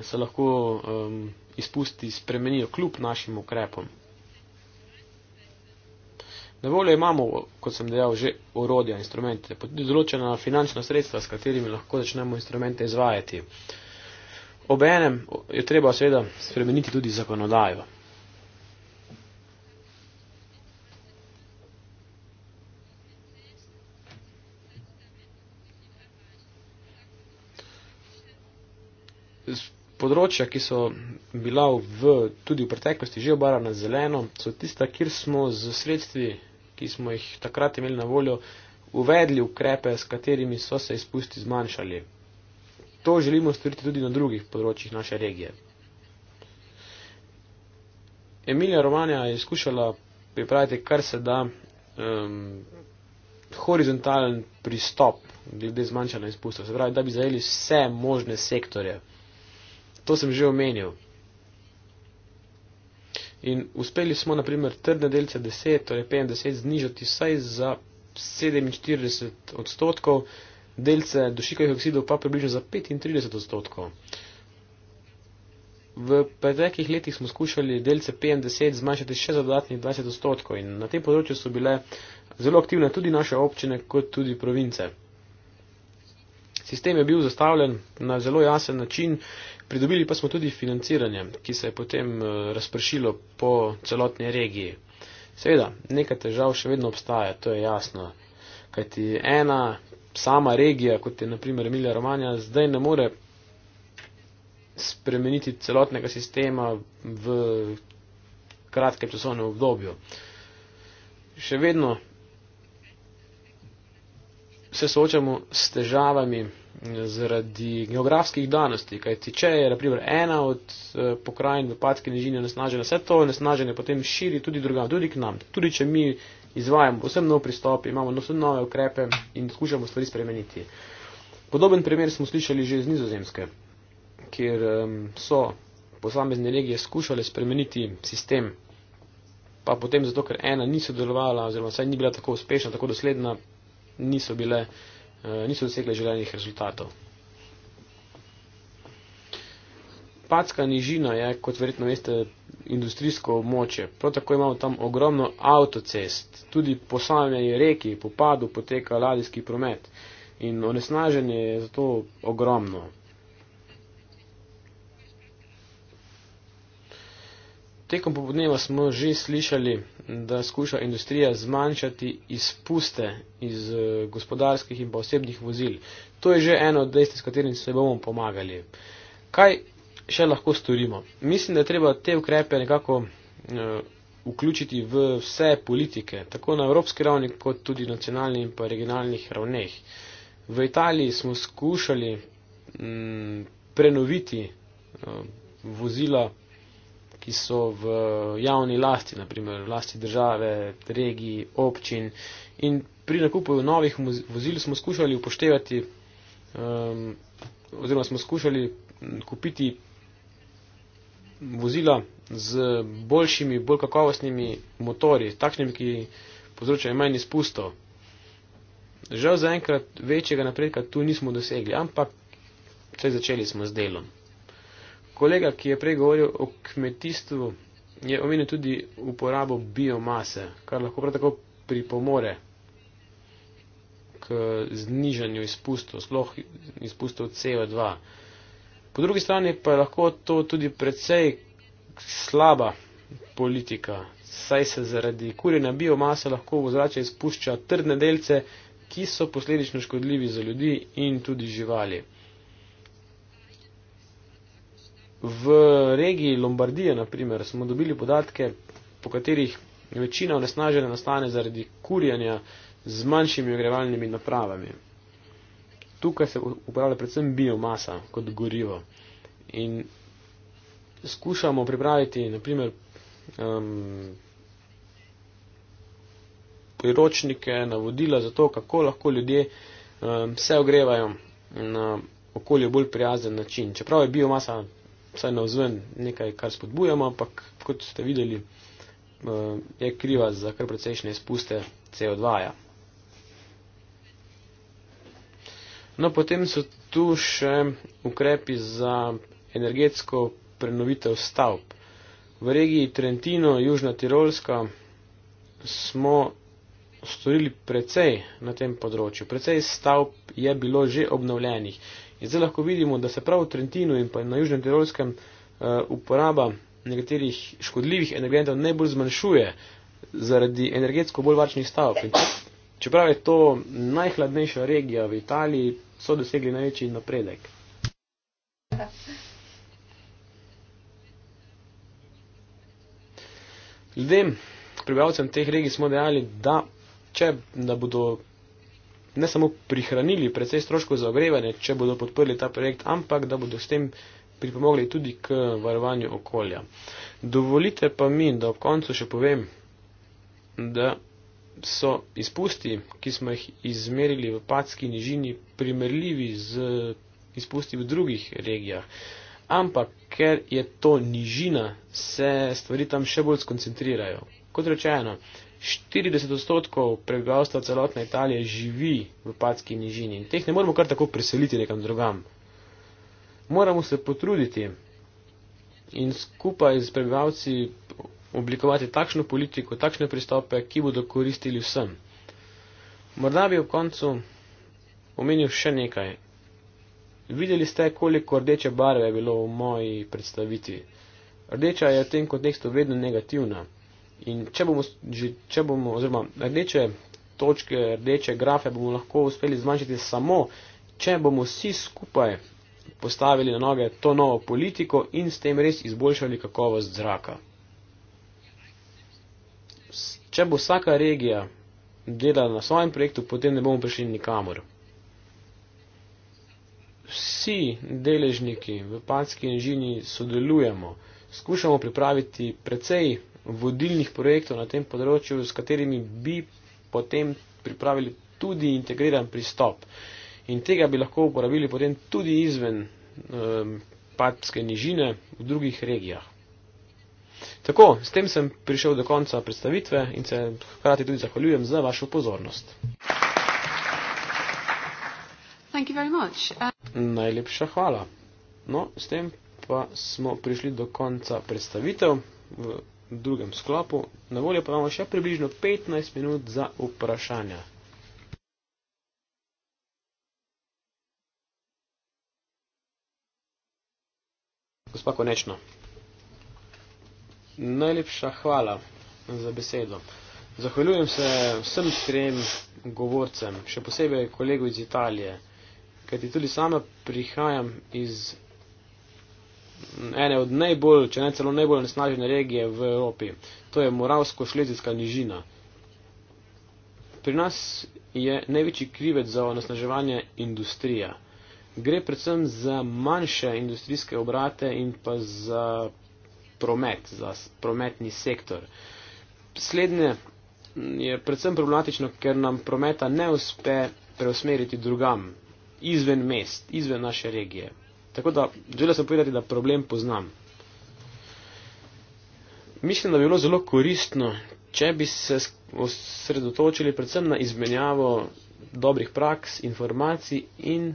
se lahko um, izpusti spremenijo kljub našim ukrepom. Na voljo imamo, kot sem dejal, že orodja, instrumente, pa tudi določena finančna sredstva, s katerimi lahko začnemo instrumente izvajati. Ob enem je treba seveda spremeniti tudi zakonodajo. področja, ki so bila v, tudi v preteklosti že obarana zeleno, so tista, kjer smo z sredstvi, ki smo jih takrat imeli na voljo, uvedli ukrepe, s katerimi so se izpusti zmanjšali. To želimo storiti tudi na drugih področjih naše regije. Emilija Romanja je skušala pripraviti kar se da um, horizontalen pristop glede zmanjšanja izpustov, se pravi, da bi zajeli vse možne sektorje. To sem že omenil. In uspeli smo, naprimer, trdne delce 10, torej 50, znižati vsaj za 47 odstotkov, delce dušikovih oksidov pa približno za 35 odstotkov. V preteklih letih smo skušali delce PM10 zmanjšati še za dodatnih 20 odstotkov in na tem področju so bile zelo aktivne tudi naše občine, kot tudi province. Sistem je bil zastavljen na zelo jasen način Pridobili pa smo tudi financiranje, ki se je potem eh, razpršilo po celotni regiji. Seveda, nekaj težav še vedno obstaja, to je jasno. Kajti ena sama regija, kot je naprimer Emilija Romanja, zdaj ne more spremeniti celotnega sistema v kratkem časovnem obdobju. Še vedno se soočamo s težavami zaradi geografskih danosti, kajti če je naprimer ena od eh, pokrajin v Patski nižini nasnažena, vse to nasnaženje potem širi tudi drugam, tudi k nam. Tudi če mi izvajamo vsem nov pristop, imamo vse nove ukrepe in skušamo stvari spremeniti. Podoben primer smo slišali že iz nizozemske, kjer so posamezne regije skušale spremeniti sistem, pa potem zato, ker ena ni sodelovala oziroma vsaj ni bila tako uspešna, tako dosledna, niso bile. Eh, niso dosegle željenih rezultatov. Patska nižina je, kot verjetno veste, industrijsko območje. Prav tako imamo tam ogromno avtocest, tudi po samljeni reki, po padu poteka ladijski promet in onesnaženje je zato ogromno. Tekom popodneva smo že slišali da skuša industrija zmanjšati izpuste iz eh, gospodarskih in pa osebnih vozil. To je že eno od dejstv, s katerim se bomo pomagali. Kaj še lahko storimo? Mislim, da je treba te ukrepe nekako uh, vključiti v vse politike, tako na evropski ravni, kot tudi na nacionalni in pa regionalnih ravneh. V Italiji smo skušali m, mm, prenoviti uh, vozila ki so v javni lasti, naprimer v lasti države, regij, občin. In pri nakupu novih vozil smo skušali upoštevati um, oziroma smo skušali kupiti vozila z boljšimi, bolj kakovostnimi motori, takšnimi, ki povzročajo manj izpustov. Žal zaenkrat večjega napredka tu nismo dosegli, ampak vse začeli smo z delom kolega, ki je prej govoril o kmetijstvu, je omenil tudi uporabo biomase, kar lahko prav tako pripomore k znižanju izpustov, sploh izpustov CO2. Po drugi strani pa je lahko to tudi precej slaba politika, saj se zaradi kurjenja biomase lahko v zrače izpušča trdne delce, ki so posledično škodljivi za ljudi in tudi živali. V regiji Lombardije, naprimer, smo dobili podatke, po katerih večina onesnaženja nastane zaradi kurjanja z manjšimi ogrevalnimi napravami. Tukaj se uporablja predvsem biomasa kot gorivo. In skušamo pripraviti, naprimer, um, priročnike, navodila za to, kako lahko ljudje um, se ogrevajo na okolje bolj prijazen način. Čeprav je biomasa vsaj na vzven nekaj, kar spodbujamo, ampak kot ste videli, eh, je kriva za kar precejšnje izpuste CO2. -ja. No, potem so tu še ukrepi za energetsko prenovitev stavb. V regiji Trentino, Južna Tirolska, smo storili precej na tem področju. Precej stavb je bilo že obnovljenih. In zdaj lahko vidimo, da se prav v Trentinu in pa na Južnem Tirolskem eh, uporaba nekaterih škodljivih energentov najbolj zmanjšuje zaradi energetsko bolj varčnih stavb. Čeprav je to najhladnejša regija v Italiji, so dosegli največji napredek. Ljudem, prebivalcem teh regij smo dejali, da če da bodo ne samo prihranili precej stroškov za ogrevanje, če bodo podprli ta projekt, ampak da bodo s tem pripomogli tudi k varovanju okolja. Dovolite pa mi, da ob koncu še povem, da so izpusti, ki smo jih izmerili v Patski nižini, primerljivi z izpusti v drugih regijah. Ampak, ker je to nižina, se stvari tam še bolj skoncentrirajo. Kot rečeno, 40 odstotkov prebivalstva celotne Italije živi v Padski nižini in teh ne moremo kar tako preseliti nekam drugam. Moramo se potruditi in skupaj z prebivalci oblikovati takšno politiko, takšne pristope, ki bodo koristili vsem. Morda bi ob koncu omenil še nekaj. Videli ste, koliko rdeče barve je bilo v moji predstavitvi. Rdeča je v tem kontekstu vedno negativna. In če bomo, že, če bomo, oziroma rdeče točke, rdeče grafe bomo lahko uspeli zmanjšati samo, če bomo vsi skupaj postavili na noge to novo politiko in s tem res izboljšali kakovost zraka. Če bo vsaka regija delala na svojem projektu, potem ne bomo prišli nikamor. Vsi deležniki v Patski inžini sodelujemo, skušamo pripraviti precej vodilnih projektov na tem področju, s katerimi bi potem pripravili tudi integriran pristop. In tega bi lahko uporabili potem tudi izven eh, papske nižine v drugih regijah. Tako, s tem sem prišel do konca predstavitve in se hkrati tudi zahvaljujem za vašo pozornost. Uh, Najlepša hvala. No, s tem pa smo prišli do konca predstavitev drugem sklopu. Na voljo pa imamo še približno 15 minut za vprašanja. Gospa Konečna, najlepša hvala za besedo. Zahvaljujem se vsem trem govorcem, še posebej kolegu iz Italije, kajti tudi sama prihajam iz ene od najbolj, če ne celo najbolj nesnažene regije v Evropi. To je Moravsko-Šlezijska nižina. Pri nas je največji krivec za onesnaževanje industrija. Gre predvsem za manjše industrijske obrate in pa za promet, za prometni sektor. Slednje je predvsem problematično, ker nam prometa ne uspe preusmeriti drugam, izven mest, izven naše regije. Tako da želel sem povedati, da problem poznam. Mislim, da bi bilo zelo koristno, če bi se osredotočili predvsem na izmenjavo dobrih praks, informacij in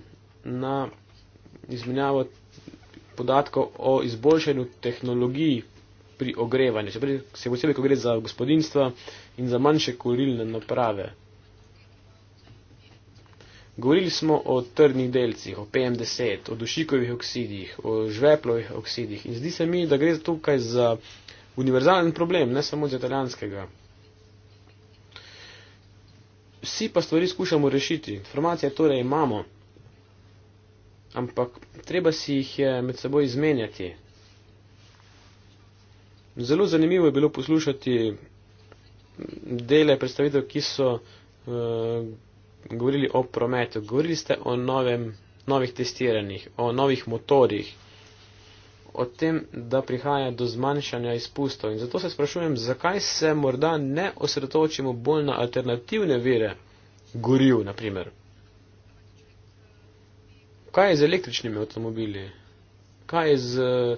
na izmenjavo podatkov o izboljšanju tehnologij pri ogrevanju. Se posebej, ko gre za gospodinstva in za manjše kurilne naprave. Govorili smo o trdnih delcih, o PM10, o dušikovih oksidih, o žveplovih oksidih in zdi se mi, da gre tukaj za univerzalen problem, ne samo za italijanskega. Vsi pa stvari skušamo rešiti, informacije torej imamo, ampak treba si jih med seboj izmenjati. Zelo zanimivo je bilo poslušati dele predstavitev, ki so. Uh, govorili o prometu, govorili ste o novem, novih testiranjih, o novih motorjih, o tem, da prihaja do zmanjšanja izpustov. In zato se sprašujem, zakaj se morda ne osredotočimo bolj na alternativne vire goril, naprimer. Kaj je z električnimi avtomobili? Kaj je z eh,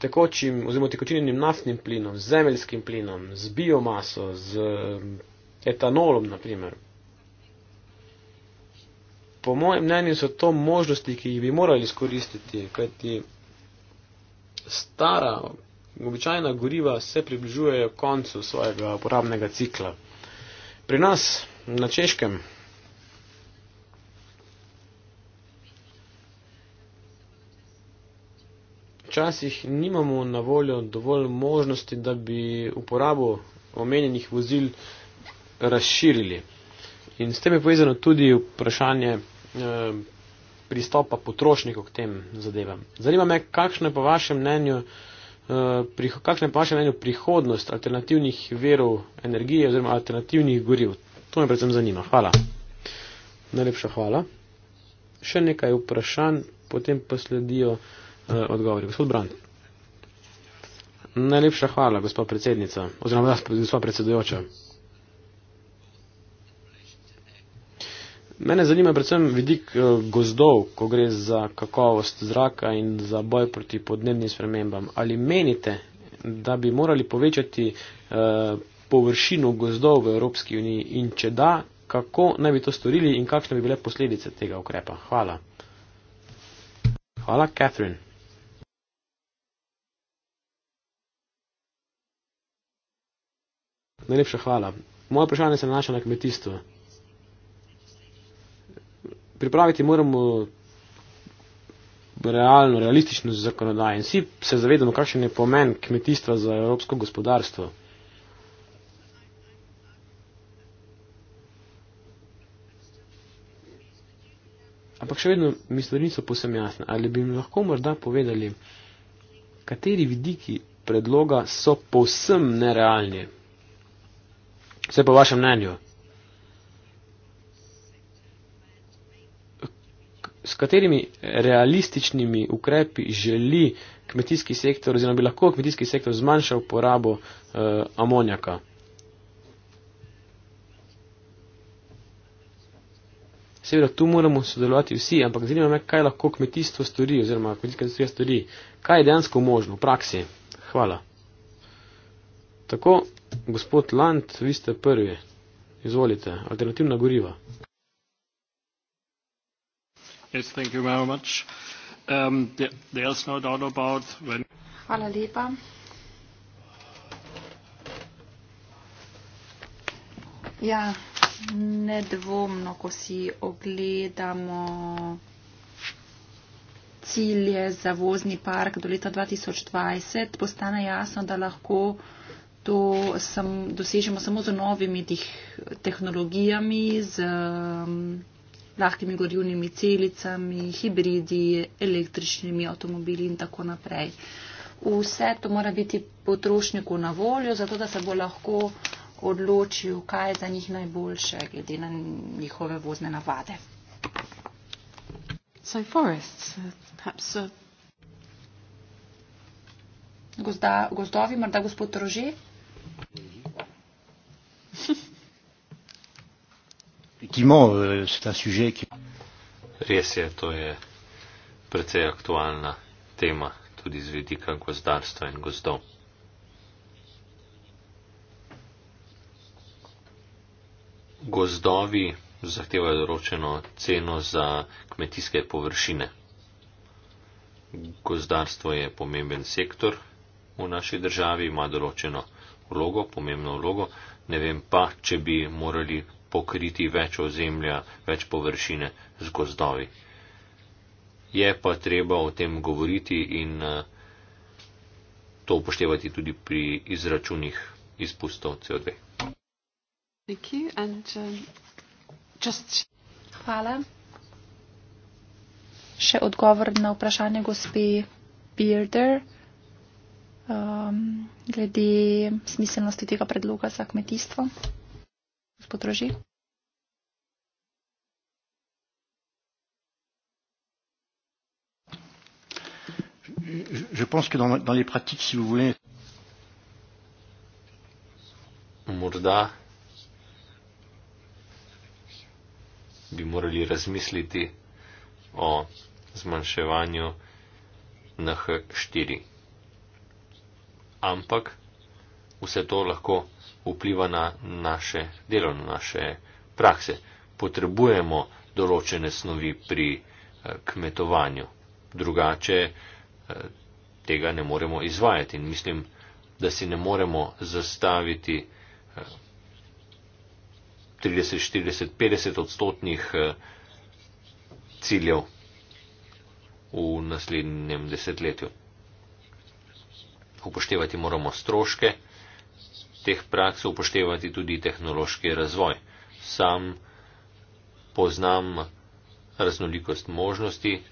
tekočim oziroma tekočinjenim naftnim plinom, z zemeljskim plinom, z biomaso, z eh, etanolom, naprimer? po mojem mnenju so to možnosti, ki jih bi morali izkoristiti, kajti stara, običajna goriva se približujejo koncu svojega uporabnega cikla. Pri nas na češkem včasih nimamo na voljo dovolj možnosti, da bi uporabo omenjenih vozil razširili. In s tem je povezano tudi vprašanje eh, pristopa potrošnikov k tem zadevam. Zanima me, kakšna je po vašem mnenju, eh, kakšna je po vašem mnenju prihodnost alternativnih verov energije oziroma alternativnih goriv. To me predvsem zanima. Hvala. Najlepša hvala. Še nekaj vprašanj, potem pa sledijo eh, odgovori. Gospod Brand. Najlepša hvala, gospod predsednica, oziroma gospod predsedujoča. Mene zanima predvsem vidik eh, gozdov, ko gre za kakovost zraka in za boj proti podnebnim spremembam. Ali menite, da bi morali povečati eh, površino gozdov v Evropski uniji in če da, kako naj bi to storili in kakšne bi bile posledice tega ukrepa? Hvala. Hvala, Catherine. Najlepša hvala. Moje vprašanje se nanaša na kmetijstvo pripraviti moramo realno, realistično zakonodajo. Vsi se zavedamo, kakšen je pomen kmetijstva za evropsko gospodarstvo. Ampak še vedno mi stvari niso posem jasne. Ali bi mi lahko morda povedali, kateri vidiki predloga so posem nerealni? Vse po vašem mnenju. s katerimi realističnimi ukrepi želi kmetijski sektor oziroma bi lahko kmetijski sektor zmanjšal porabo uh, amonjaka. Seveda, tu moramo sodelovati vsi, ampak zanima me, kaj lahko kmetijstvo stori oziroma kmetijska industrija stori. Kaj je dejansko možno v praksi? Hvala. Tako, gospod Land, vi ste prvi. Izvolite, alternativna goriva. Yes, thank you very much. Um, there is no doubt about when. Hvala lepa. Ja, nedvomno, ko si ogledamo cilje za vozni park do leta 2020, postane jasno, da lahko to sam, dosežemo samo z novimi tih, tehnologijami, z. Um, lahkimi gorivnimi celicami, hibridi, električnimi avtomobili in tako naprej. Vse to mora biti potrošniku na voljo, zato da se bo lahko odločil, kaj je za njih najboljše, glede na njihove vozne navade. So forests, uh, perhaps, uh... Gozda, gozdovi, morda gospod Rože? Effectivement, euh, c'est un sujet qui. Res je, to je precej aktualna tema, tudi z vidika gozdarstva in gozdov. Gozdovi zahtevajo določeno ceno za kmetijske površine. Gozdarstvo je pomemben sektor v naši državi, ima določeno vlogo, pomembno vlogo. Ne vem pa, če bi morali pokriti več ozemlja, več površine z gozdovi. Je pa treba o tem govoriti in eh, to upoštevati tudi pri izračunih izpustov CO2. Um, Hvala. Še odgovor na vprašanje gospe Bearder um, glede smiselnosti tega predloga za kmetijstvo podroži. Morda bi morali razmisliti o zmanjševanju na H4. Ampak vse to lahko vpliva na naše delo, na naše prakse. Potrebujemo določene snovi pri eh, kmetovanju, drugače eh, tega ne moremo izvajati in mislim, da si ne moremo zastaviti 30, 40, 50 odstotnih eh, ciljev v naslednjem desetletju. Upoštevati moramo stroške, teh praks upoštevati tudi tehnološki razvoj. Sam poznam raznolikost možnosti,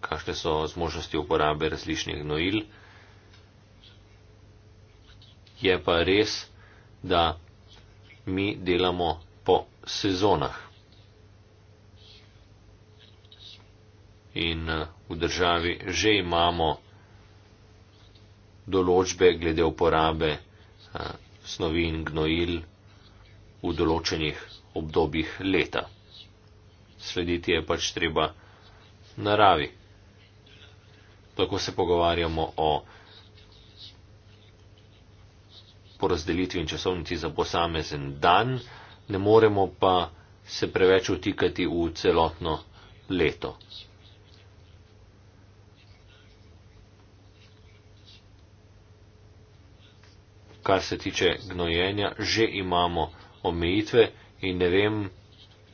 kakšne so zmožnosti uporabe različnih gnojil. Je pa res, da mi delamo po sezonah. In eh, v državi že imamo določbe glede uporabe eh, snovi in gnojil v določenih obdobjih leta. Slediti je pač treba naravi. Tako se pogovarjamo o porazdelitvi in časovnici za posamezen dan, ne moremo pa se preveč utikati v celotno leto. kar se tiče gnojenja, že imamo omejitve in ne vem,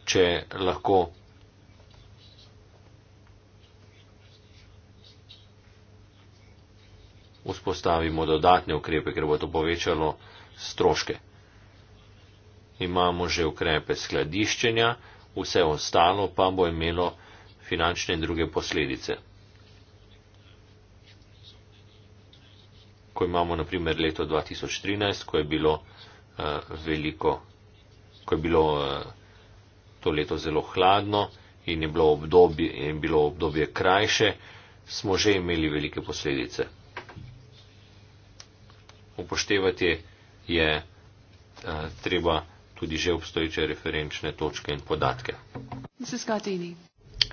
če lahko vzpostavimo dodatne ukrepe, ker bo to povečalo stroške. Imamo že ukrepe skladiščenja, vse ostalo pa bo imelo finančne in druge posledice. ko imamo naprimer leto 2013, ko je bilo uh, veliko, ko je bilo uh, to leto zelo hladno in je bilo, obdobje, je bilo obdobje krajše, smo že imeli velike posledice. Upoštevati je uh, treba tudi že obstoječe referenčne točke in podatke.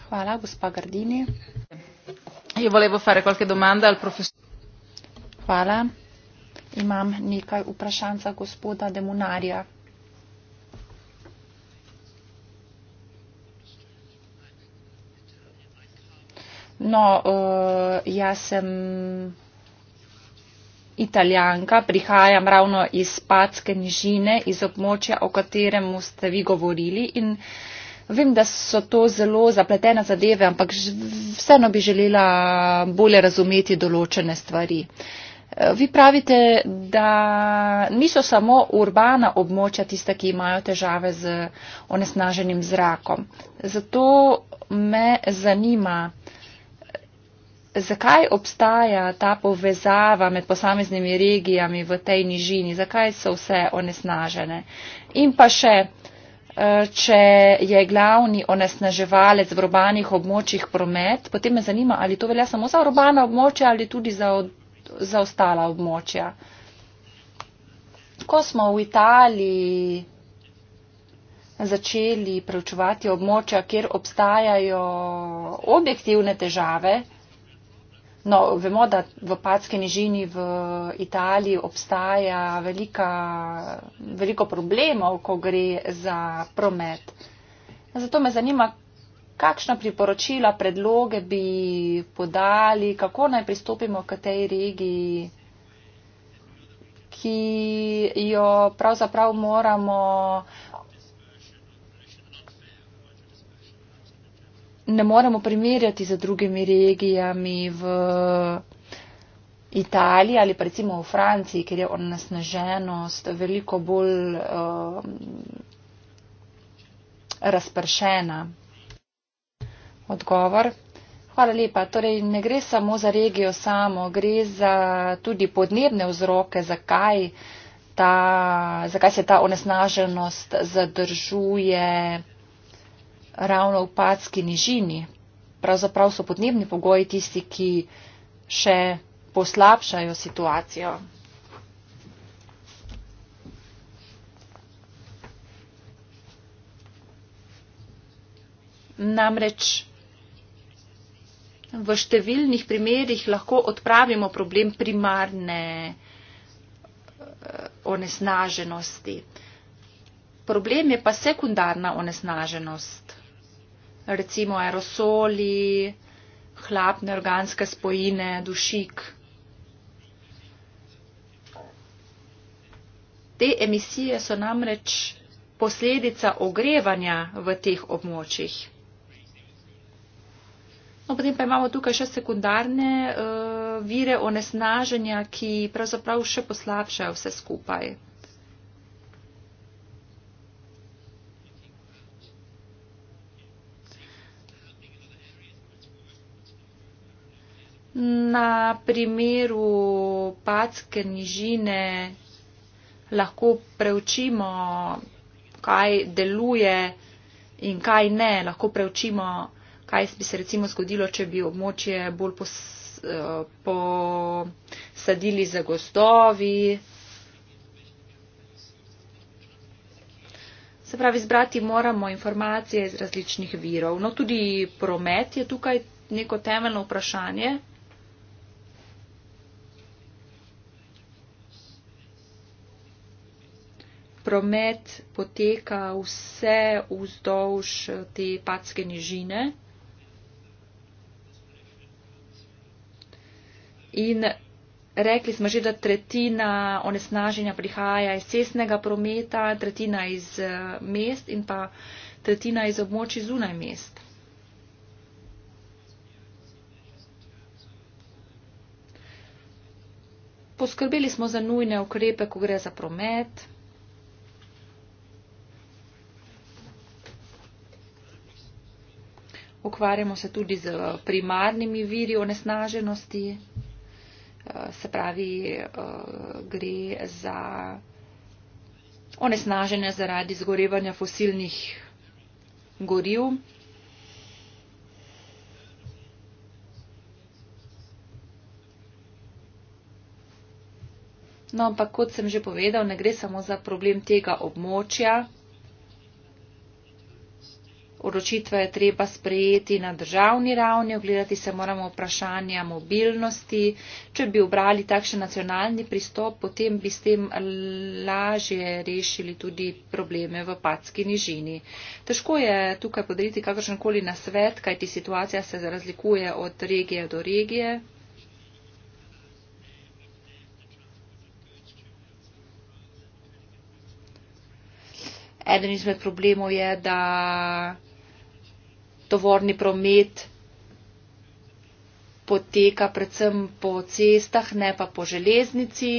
Hvala, gospa Gardini. Io volevo fare qualche domanda al professore. Hvala. Imam nekaj vprašanj za gospoda Demunarja. No, uh, jaz sem italijanka, prihajam ravno iz Patske nižine, iz območja, o katerem ste vi govorili in vem, da so to zelo zapletene zadeve, ampak vseeno bi želela bolje razumeti določene stvari. Uh, Vi pravite, da niso samo urbana območja tista, ki imajo težave z onesnaženim zrakom. Zato me zanima, zakaj obstaja ta povezava med posameznimi regijami v tej nižini, zakaj so vse onesnažene. In pa še, eh, če je glavni onesnaževalec v urbanih območjih promet, potem me zanima, ali to velja samo za urbana območja ali tudi za odprtje za ostala območja. Ko smo v Italiji začeli preučevati območja, kjer obstajajo objektivne težave, no, vemo, da v Patske nižini v Italiji obstaja velika, veliko problemov, ko gre za promet. Zato me zanima, kakšna priporočila, predloge bi podali, kako naj pristopimo k tej regiji, ki jo pravzaprav moramo ne moremo primerjati z drugimi regijami v Italiji ali pa recimo v Franciji, kjer je onesnaženost veliko bolj uh, razpršena odgovor. Hvala lepa. Torej, ne gre samo za regijo samo, gre za tudi podnebne vzroke, zakaj, ta, zakaj se ta onesnaženost zadržuje ravno v Patski nižini. Pravzaprav so podnebni pogoji tisti, ki še poslabšajo situacijo. Namreč v številnih primerjih lahko odpravimo problem primarne eh, onesnaženosti. Problem je pa sekundarna onesnaženost, recimo aerosoli, hlapne organske spojine, dušik. Te emisije so namreč posledica ogrevanja v teh območjih. No, potem pa imamo tukaj še sekundarne uh, vire onesnaženja, ki pravzaprav še poslabšajo vse skupaj. Na primeru packe nižine lahko preučimo, kaj deluje in kaj ne. Lahko preučimo, kaj bi se recimo zgodilo, če bi območje bolj eh, posadili za gozdovi. Se pravi, izbrati moramo informacije iz različnih virov. No, tudi promet je tukaj neko temeljno vprašanje. Promet poteka vse vzdolž te packe nižine. In rekli smo že, da tretjina onesnaženja prihaja iz cestnega prometa, tretjina iz eh, mest in pa tretjina iz območji zunaj mest. Poskrbeli smo za nujne ukrepe, ko gre za promet. Ukvarjamo se tudi z primarnimi viri onesnaženosti se pravi, eh, gre za onesnaženje zaradi zgorevanja fosilnih goriv. No, ampak kot sem že povedal, ne gre samo za problem tega območja. Odločitve je treba sprejeti na državni ravni, ogledati se moramo vprašanja mobilnosti. Če bi obrali takšen nacionalni pristop, potem bi s tem lažje rešili tudi probleme v Patski nižini. Težko je tukaj podariti kakršenkoli nasvet, kajti situacija se razlikuje od regije do regije. Eden izmed problemov je, da tovorni promet poteka predvsem po cestah, ne pa po železnici.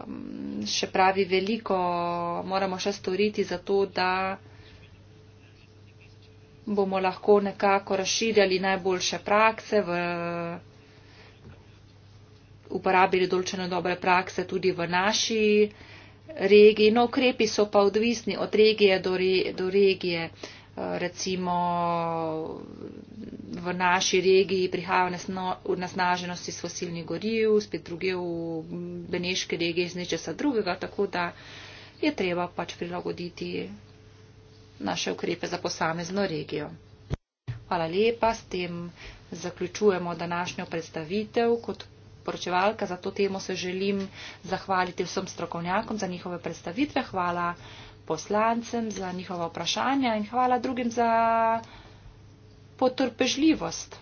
Um, še pravi veliko moramo še storiti za to, da bomo lahko nekako razširjali najboljše prakse v uporabili določene dobre prakse tudi v naši regiji. No, ukrepi so pa odvisni od regije do, re, do regije. Eh, recimo v naši regiji prihajajo nasnaženosti s fosilni goriv, spet druge v Beneški regiji z nečesa drugega, tako da je treba pač prilagoditi naše ukrepe za posamezno regijo. Hvala lepa, s tem zaključujemo današnjo predstavitev. Kot poročevalka, za to temo se želim zahvaliti vsem strokovnjakom za njihove predstavitve, hvala poslancem za njihova vprašanja in hvala drugim za potrpežljivost.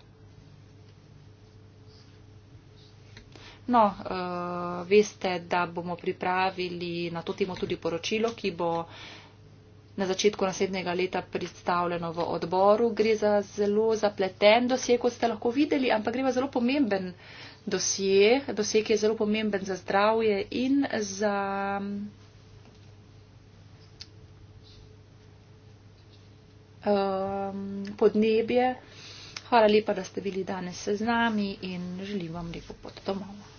No, eh, veste, da bomo pripravili na to temo tudi poročilo, ki bo na začetku naslednjega leta predstavljeno v odboru. Gre za zelo zapleten dosje, kot ste lahko videli, ampak gre za zelo pomemben dosje, dosje, ki je zelo pomemben za zdravje in za. Um, podnebje. Hvala lepa, da ste bili danes z nami in želim vam lepo pot domov.